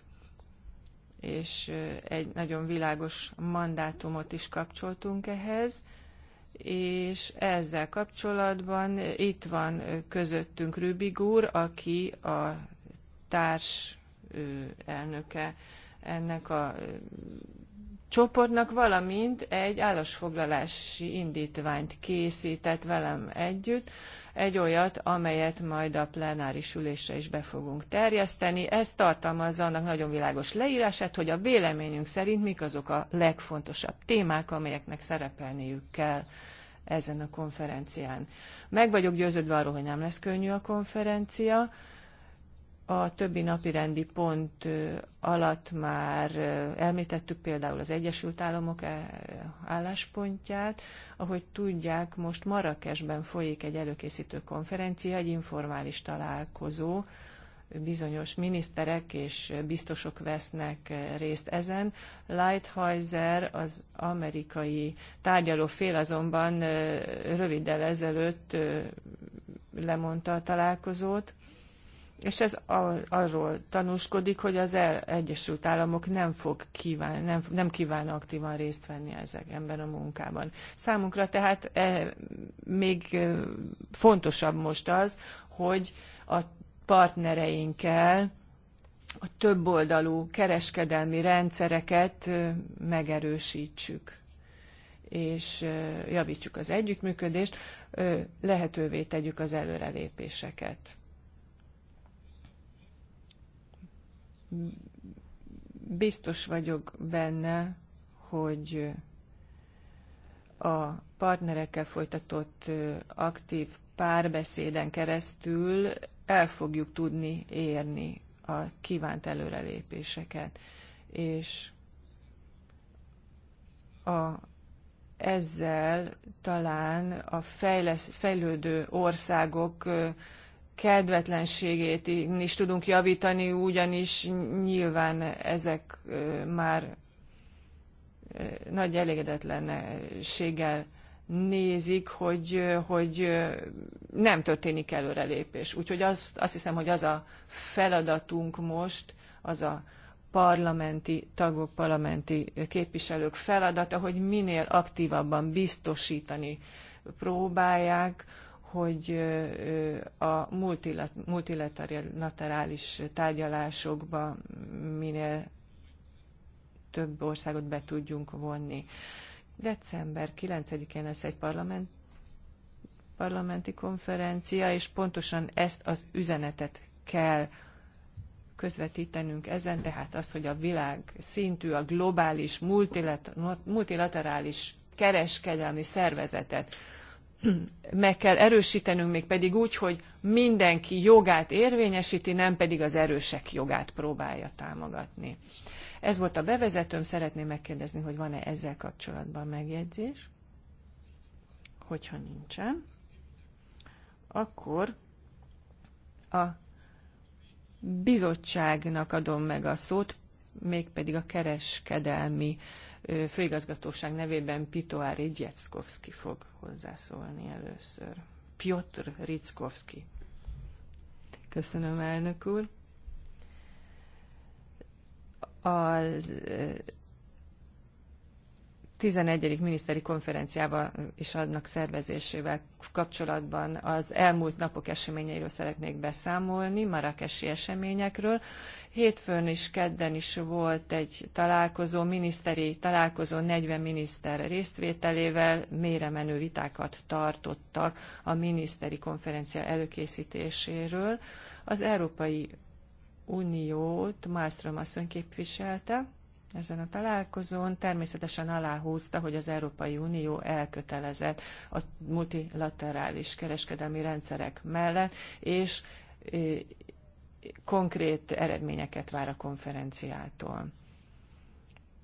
És egy nagyon világos mandátumot is kapcsoltunk ehhez, és ezzel kapcsolatban itt van közöttünk Rübig úr, aki a társ elnöke ennek a csoportnak, valamint egy állásfoglalási indítványt készített velem együtt, egy olyat, amelyet majd a plenáris ülésre is be fogunk terjeszteni. Ez tartalmazza annak nagyon világos leírását, hogy a véleményünk szerint mik azok a legfontosabb témák, amelyeknek szerepelniük kell ezen a konferencián. Meg vagyok győződve arról, hogy nem lesz könnyű a konferencia, a többi rendi pont alatt már említettük például az Egyesült Államok e, álláspontját. Ahogy tudják, most Marrakesben folyik egy előkészítő konferencia, egy informális találkozó, bizonyos miniszterek és biztosok vesznek részt ezen. Lighthizer, az amerikai tárgyaló fél azonban röviddel ezelőtt lemondta a találkozót, és ez arról tanúskodik, hogy az Egyesült Államok nem, fog kíván, nem, nem kíván aktívan részt venni ember a munkában. Számunkra tehát e, még fontosabb most az, hogy a partnereinkkel a többoldalú kereskedelmi rendszereket megerősítsük és javítsuk az együttműködést, lehetővé tegyük az előrelépéseket biztos vagyok benne, hogy a partnerekkel folytatott aktív párbeszéden keresztül el fogjuk tudni érni a kívánt előrelépéseket. És a, ezzel talán a fejlesz, fejlődő országok kedvetlenségét is tudunk javítani, ugyanis nyilván ezek már nagy elégedetlenséggel nézik, hogy, hogy nem történik előrelépés. Úgyhogy azt, azt hiszem, hogy az a feladatunk most, az a parlamenti tagok, parlamenti képviselők feladata, hogy minél aktívabban biztosítani próbálják, hogy a multilaterális tárgyalásokba minél több országot be tudjunk vonni. December 9-én lesz egy parlament, parlamenti konferencia, és pontosan ezt az üzenetet kell közvetítenünk ezen, tehát azt, hogy a világ szintű, a globális, multilaterális kereskedelmi szervezetet meg kell erősítenünk még pedig úgy, hogy mindenki jogát érvényesíti, nem pedig az erősek jogát próbálja támogatni. Ez volt a bevezetőm, szeretném megkérdezni, hogy van-e ezzel kapcsolatban megjegyzés. Hogyha nincsen, akkor a bizottságnak adom meg a szót, mégpedig a kereskedelmi uh, főigazgatóság nevében Pitoár Gyeckovszki fog hozzászólni először. Piotr Rickovszki. Köszönöm, elnök úr. Az 11. miniszteri konferenciával és annak szervezésével kapcsolatban az elmúlt napok eseményeiről szeretnék beszámolni, marakesi eseményekről. Hétfőn is, kedden is volt egy találkozó, miniszteri találkozó 40 miniszter résztvételével, méremenő vitákat tartottak a miniszteri konferencia előkészítéséről. Az Európai Uniót Malmström asszony képviselte, ezen a találkozón természetesen aláhúzta, hogy az Európai Unió elkötelezett a multilaterális kereskedelmi rendszerek mellett, és konkrét eredményeket vár a konferenciától.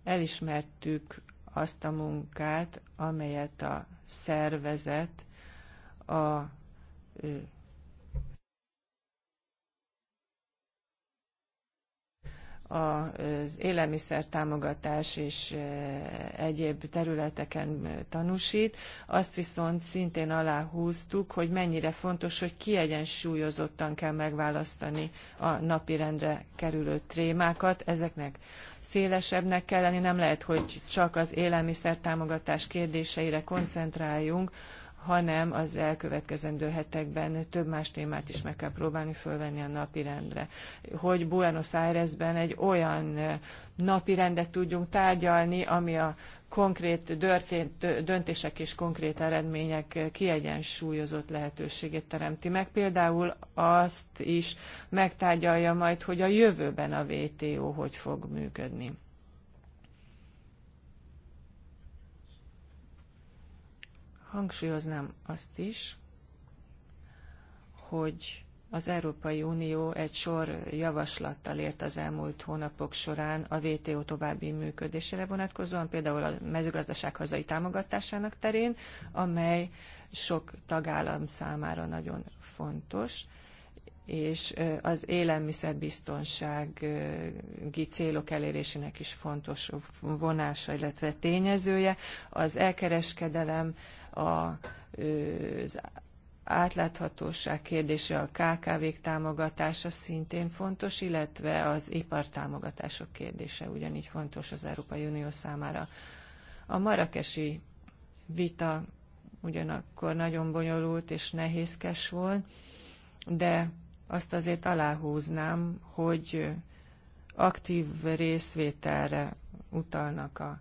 Elismertük azt a munkát, amelyet a szervezet a az élelmiszer támogatás és egyéb területeken tanúsít. Azt viszont szintén aláhúztuk, hogy mennyire fontos, hogy kiegyensúlyozottan kell megválasztani a napirendre kerülő trémákat. Ezeknek szélesebbnek kell lenni, nem lehet, hogy csak az élelmiszer támogatás kérdéseire koncentráljunk, hanem az elkövetkezendő hetekben több más témát is meg kell próbálni fölvenni a napirendre. Hogy Buenos Airesben egy olyan napirendet tudjunk tárgyalni, ami a konkrét dörtént, döntések és konkrét eredmények kiegyensúlyozott lehetőségét teremti meg. Például azt is megtárgyalja majd, hogy a jövőben a WTO hogy fog működni. hangsúlyoznám azt is, hogy az Európai Unió egy sor javaslattal ért az elmúlt hónapok során a WTO további működésére vonatkozóan, például a mezőgazdaság hazai támogatásának terén, amely sok tagállam számára nagyon fontos és az élelmiszerbiztonsági célok elérésének is fontos vonása, illetve tényezője. Az elkereskedelem, a, az átláthatóság kérdése, a KKV-k támogatása szintén fontos, illetve az ipartámogatások kérdése ugyanígy fontos az Európai Unió számára. A marakesi vita ugyanakkor nagyon bonyolult és nehézkes volt, de azt azért aláhúznám, hogy aktív részvételre utalnak a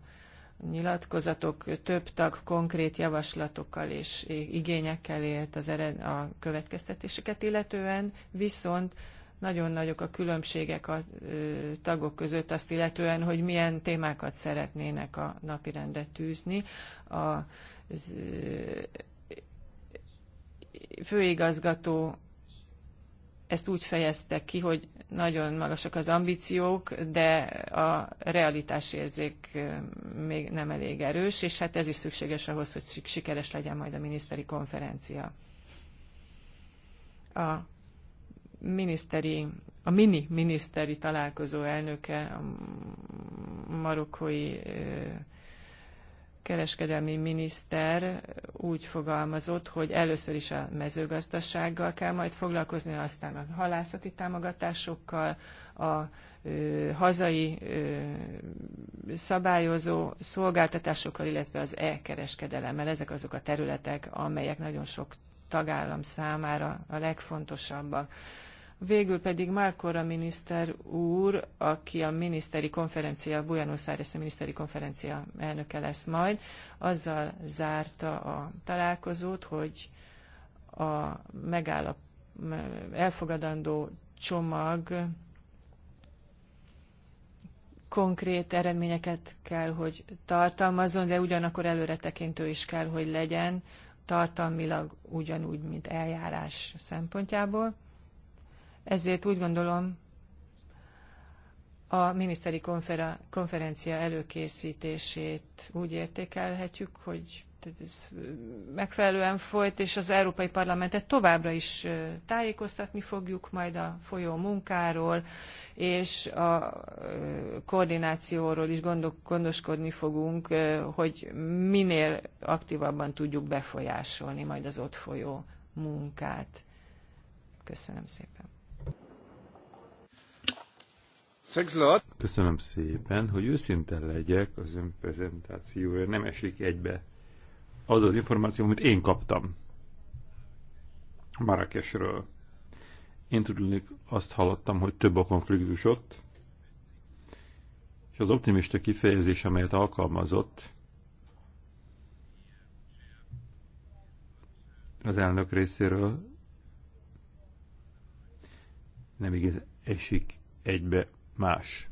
nyilatkozatok. Több tag konkrét javaslatokkal és igényekkel élt az ered, a következtetéseket illetően, viszont nagyon nagyok a különbségek a tagok között azt illetően, hogy milyen témákat szeretnének a napirendre tűzni. A főigazgató ezt úgy fejezte ki, hogy nagyon magasak az ambíciók, de a érzék még nem elég erős, és hát ez is szükséges ahhoz, hogy sikeres legyen majd a miniszteri konferencia. A miniszteri, a mini miniszteri találkozó elnöke, a marokkói kereskedelmi miniszter úgy fogalmazott, hogy először is a mezőgazdasággal kell majd foglalkozni, aztán a halászati támogatásokkal, a ö, hazai ö, szabályozó szolgáltatásokkal, illetve az e-kereskedelemmel. Ezek azok a területek, amelyek nagyon sok tagállam számára a legfontosabbak. Végül pedig Márkora miniszter úr, aki a miniszteri konferencia, Buenos Aires miniszteri konferencia elnöke lesz majd, azzal zárta a találkozót, hogy a megállap, elfogadandó csomag konkrét eredményeket kell, hogy tartalmazzon, de ugyanakkor előretekintő is kell, hogy legyen, tartalmilag ugyanúgy, mint eljárás szempontjából. Ezért úgy gondolom, a miniszteri konferencia előkészítését úgy értékelhetjük, hogy ez megfelelően folyt, és az Európai Parlamentet továbbra is tájékoztatni fogjuk majd a folyó munkáról, és a koordinációról is gondoskodni fogunk, hogy minél aktívabban tudjuk befolyásolni majd az ott folyó munkát. Köszönöm szépen.
Köszönöm szépen, hogy őszinte legyek, az ön prezentációja nem esik egybe az az információ, amit én kaptam Marrakesről. Én tudni azt hallottam, hogy több a konfliktus ott, és az optimista kifejezés, amelyet alkalmazott, az elnök részéről nem igaz esik egybe más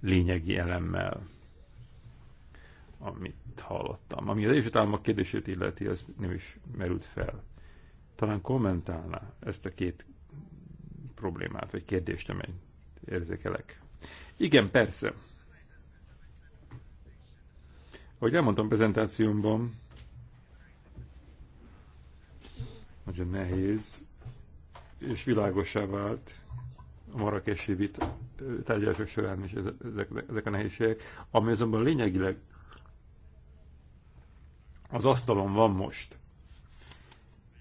lényegi elemmel, amit hallottam. Ami az Egyesült Államok kérdését illeti, az nem is merült fel. Talán kommentálná ezt a két problémát, vagy kérdést, amely érzékelek. Igen, persze. Ahogy elmondtam prezentációmban, nagyon nehéz és világosá vált, marakesi vit tárgyalások során is ezek, ezek a nehézségek, ami azonban lényegileg az asztalon van most,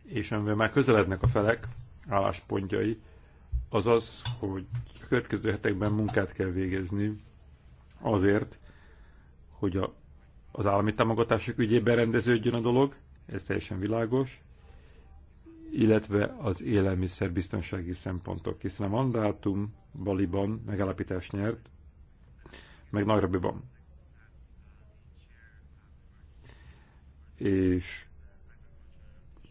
és amivel már közelednek a felek álláspontjai, az az, hogy a következő hetekben munkát kell végezni azért, hogy a, az állami támogatások ügyében rendeződjön a dolog, ez teljesen világos, illetve az élelmiszerbiztonsági szempontok, hiszen a mandátum Baliban megállapítást nyert, meg Nairobiban. És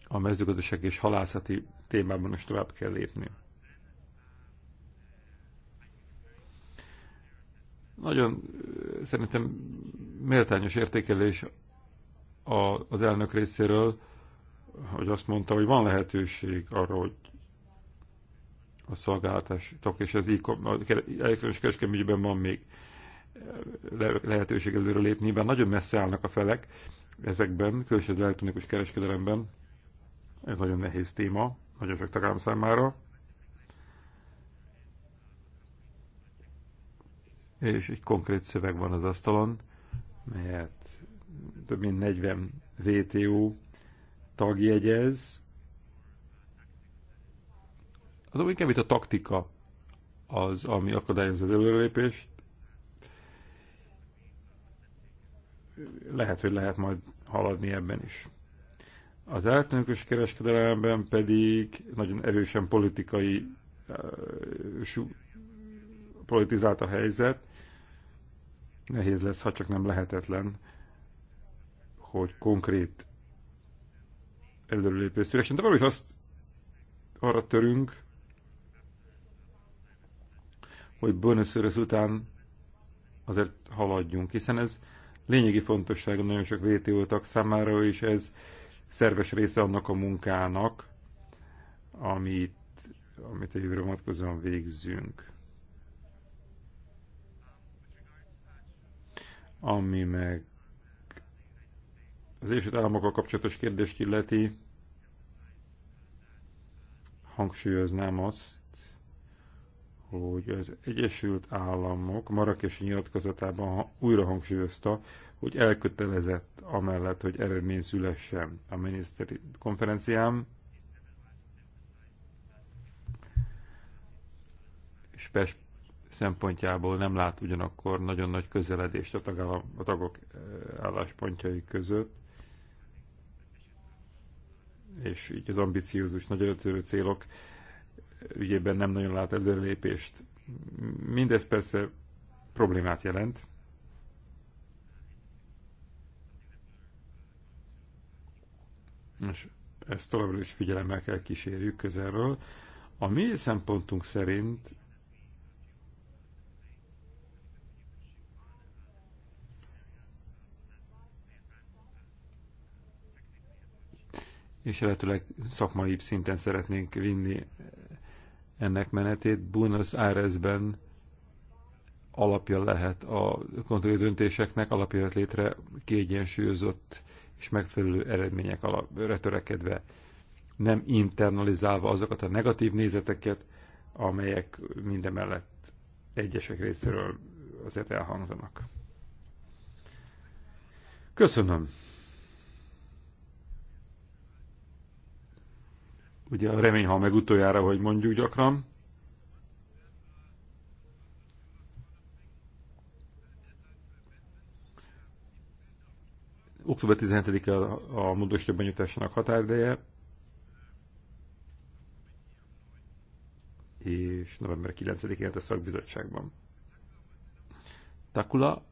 a mezőgazdaság és halászati témában is tovább kell lépni. Nagyon szerintem méltányos értékelés az elnök részéről, hogy azt mondta, hogy van lehetőség arra, hogy a szolgáltatások és az elektronikus kereskedelmügyben van még eh, lehetőség előre lépni, mert nagyon messze állnak a felek ezekben, különösen az elektronikus kereskedelemben. Ez nagyon nehéz téma, nagyon sok tagállam számára. És egy konkrét szöveg van az asztalon, melyet több mint 40 VTO tagjegyez. Az úgy inkább itt a taktika az, ami akadályozza az előrelépést. Lehet, hogy lehet majd haladni ebben is. Az eltönkös kereskedelemben pedig nagyon erősen politikai politizált a helyzet. Nehéz lesz, ha csak nem lehetetlen, hogy konkrét előrelépő szívesen. de valahogy azt arra törünk, hogy Buenos után azért haladjunk, hiszen ez lényegi fontosságú nagyon sok VTO tag számára, és ez szerves része annak a munkának, amit, amit a jövőre vonatkozóan végzünk. Ami meg az Egyesült Államokkal kapcsolatos kérdést illeti, hangsúlyoznám azt, hogy az Egyesült Államok marakesi nyilatkozatában újra hangsúlyozta, hogy elkötelezett amellett, hogy eredmény szülessen a miniszteri konferenciám, és Pest szempontjából nem lát ugyanakkor nagyon nagy közeledést a, tagállam, a tagok eh, álláspontjai között és így az ambiciózus, nagy célok ügyében nem nagyon lát előrelépést. Mindez persze problémát jelent. És ezt továbbra is figyelemmel kell kísérjük közelről. A mi szempontunk szerint és lehetőleg szakmai szinten szeretnénk vinni ennek menetét. Buenos Airesben alapja lehet a kontrolli döntéseknek, alapja lehet létre kiegyensúlyozott és megfelelő eredmények alapra törekedve, nem internalizálva azokat a negatív nézeteket, amelyek mindemellett egyesek részéről azért elhangzanak. Köszönöm! Ugye a remény, ha meg utoljára, hogy mondjuk gyakran. Október 17-e a, a benyújtásának határideje, és november 9-én a szakbizottságban. Takula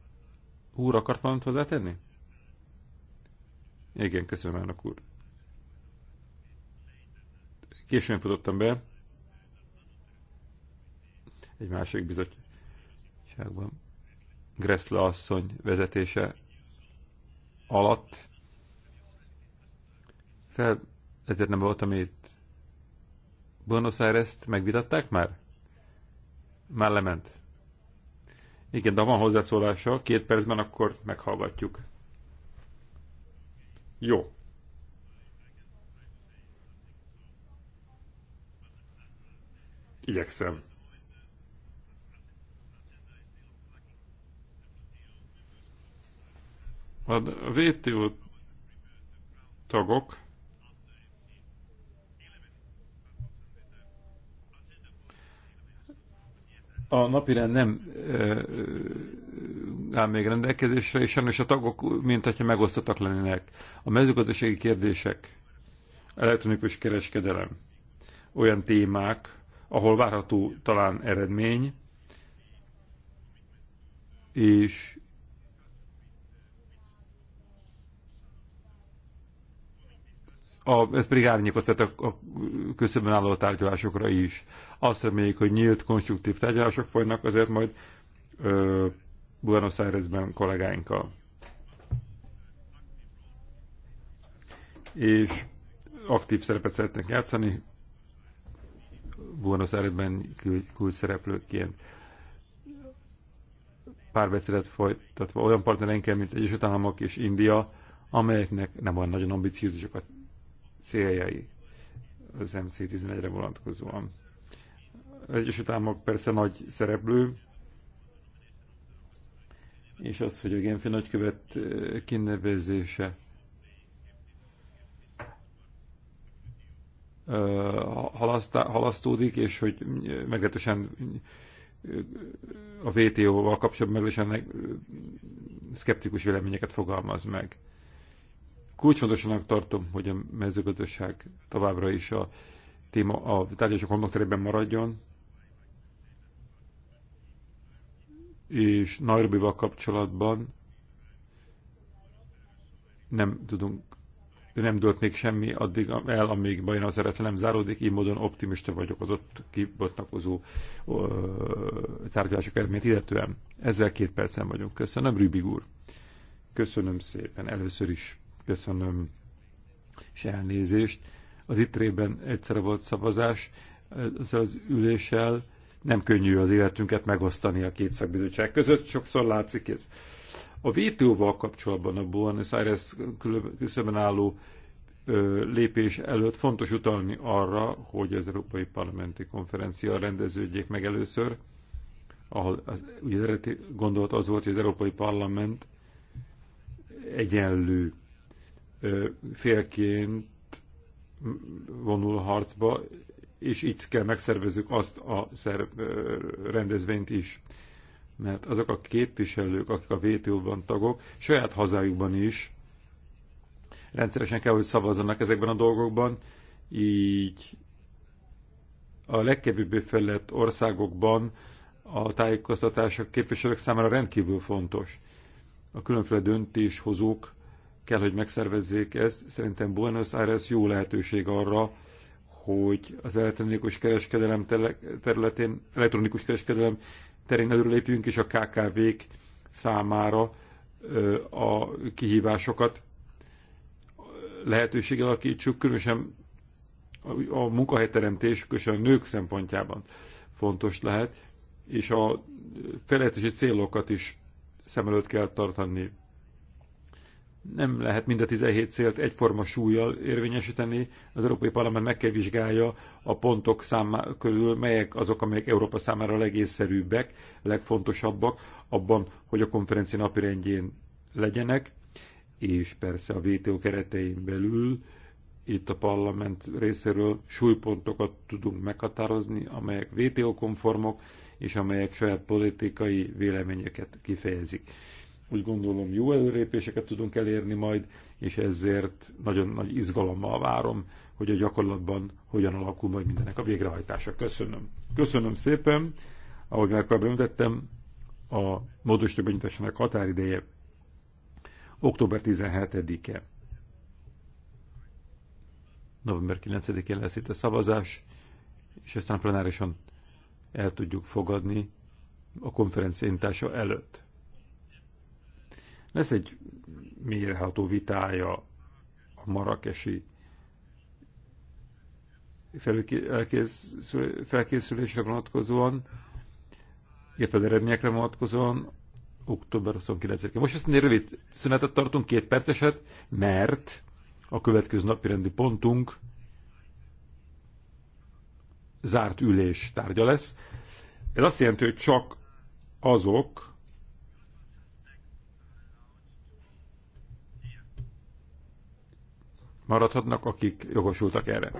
úr akart valamit hozzátenni? Igen, köszönöm, elnök úr. Későn futottam be egy másik bizottságban. Gressle asszony vezetése alatt. Fel, ezért nem voltam itt. Buenos aires megvitatták már? Már lement. Igen, de van hozzászólása, két percben akkor meghallgatjuk. Jó. igyekszem. Hát a VTO tagok a napirend nem áll még rendelkezésre, és sajnos a tagok, mint hogyha megosztottak lennének. A mezőgazdasági kérdések, elektronikus kereskedelem, olyan témák, ahol várható talán eredmény, és a, ez pedig árnyékot tett a, a köszönben álló tárgyalásokra is. Azt reméljük, hogy nyílt, konstruktív tárgyalások folynak, azért majd ö, Buenos Airesben kollégáinkkal. És aktív szerepet szeretnék játszani, Buenos Airesben szereplőként párbeszédet folytatva olyan partnereinkkel, mint Egyesült Államok és India, amelyeknek nem olyan nagyon ambiciózusok a céljai az MC11-re vonatkozóan. Az Egyesült Államok persze nagy szereplő, és az, hogy a Genfi nagykövet eh, kinevezése halasztódik, és hogy meglehetősen a VTO-val kapcsolatban meglehetősen szkeptikus véleményeket fogalmaz meg. Kulcsfontosanak tartom, hogy a mezőgazdaság továbbra is a, téma, a tárgyalások homlokterében maradjon, és Nairobi-val kapcsolatban nem tudunk de nem dőlt még semmi addig el, amíg bajon az eredet nem záródik, így módon optimista vagyok az ott kibotnakozó tárgyalások eredményt illetően. Ezzel két percen vagyunk. Köszönöm, Rübig úr. Köszönöm szépen. Először is köszönöm és elnézést. Az itrében egyszer volt szavazás, az, az üléssel nem könnyű az életünket megosztani a két szakbizottság között, sokszor látszik ez. A VTO-val kapcsolatban a Buenos Aires küszöben álló lépés előtt fontos utalni arra, hogy az Európai Parlamenti Konferencia rendeződjék meg először, ahol az, ugye eredeti gondolat az volt, hogy az Európai Parlament egyenlő félként vonul a harcba, és így kell megszervezzük azt a szerv, rendezvényt is mert azok a képviselők, akik a vto ban tagok, saját hazájukban is rendszeresen kell, hogy szavazzanak ezekben a dolgokban, így a legkevésbé fejlett országokban a tájékoztatás a képviselők számára rendkívül fontos. A különféle döntéshozók kell, hogy megszervezzék ezt. Szerintem Buenos Aires jó lehetőség arra, hogy az elektronikus kereskedelem területén, elektronikus kereskedelem terén előlépjünk, és a KKV-k számára a kihívásokat lehetőséggel alakítsuk, különösen a munkahelyteremtés, különösen a nők szempontjában fontos lehet, és a felejtési célokat is szem előtt kell tartani nem lehet mind a 17 célt egyforma súlyjal érvényesíteni. Az Európai Parlament meg kell vizsgálja a pontok számá körül, melyek azok, amelyek Európa számára a legészszerűbbek, legfontosabbak abban, hogy a konferencia napirendjén legyenek, és persze a WTO keretein belül itt a parlament részéről súlypontokat tudunk meghatározni, amelyek WTO-konformok, és amelyek saját politikai véleményeket kifejezik úgy gondolom jó előrépéseket tudunk elérni majd, és ezért nagyon nagy izgalommal várom, hogy a gyakorlatban hogyan alakul majd mindenek a végrehajtása. Köszönöm. Köszönöm szépen. Ahogy már korábban említettem, a módosító benyújtásának határideje október 17-e. November 9-én lesz itt a szavazás, és aztán plenárisan el tudjuk fogadni a konferenciáintása előtt. Lesz egy mélyreható vitája a marakesi felkészülésre vonatkozóan, illetve az eredményekre vonatkozóan október 29-én. Most azt mondja, rövid szünetet tartunk, két perceset, mert a következő napi rendi pontunk zárt ülés tárgya lesz. Ez azt jelenti, hogy csak azok, maradhatnak, akik jogosultak erre.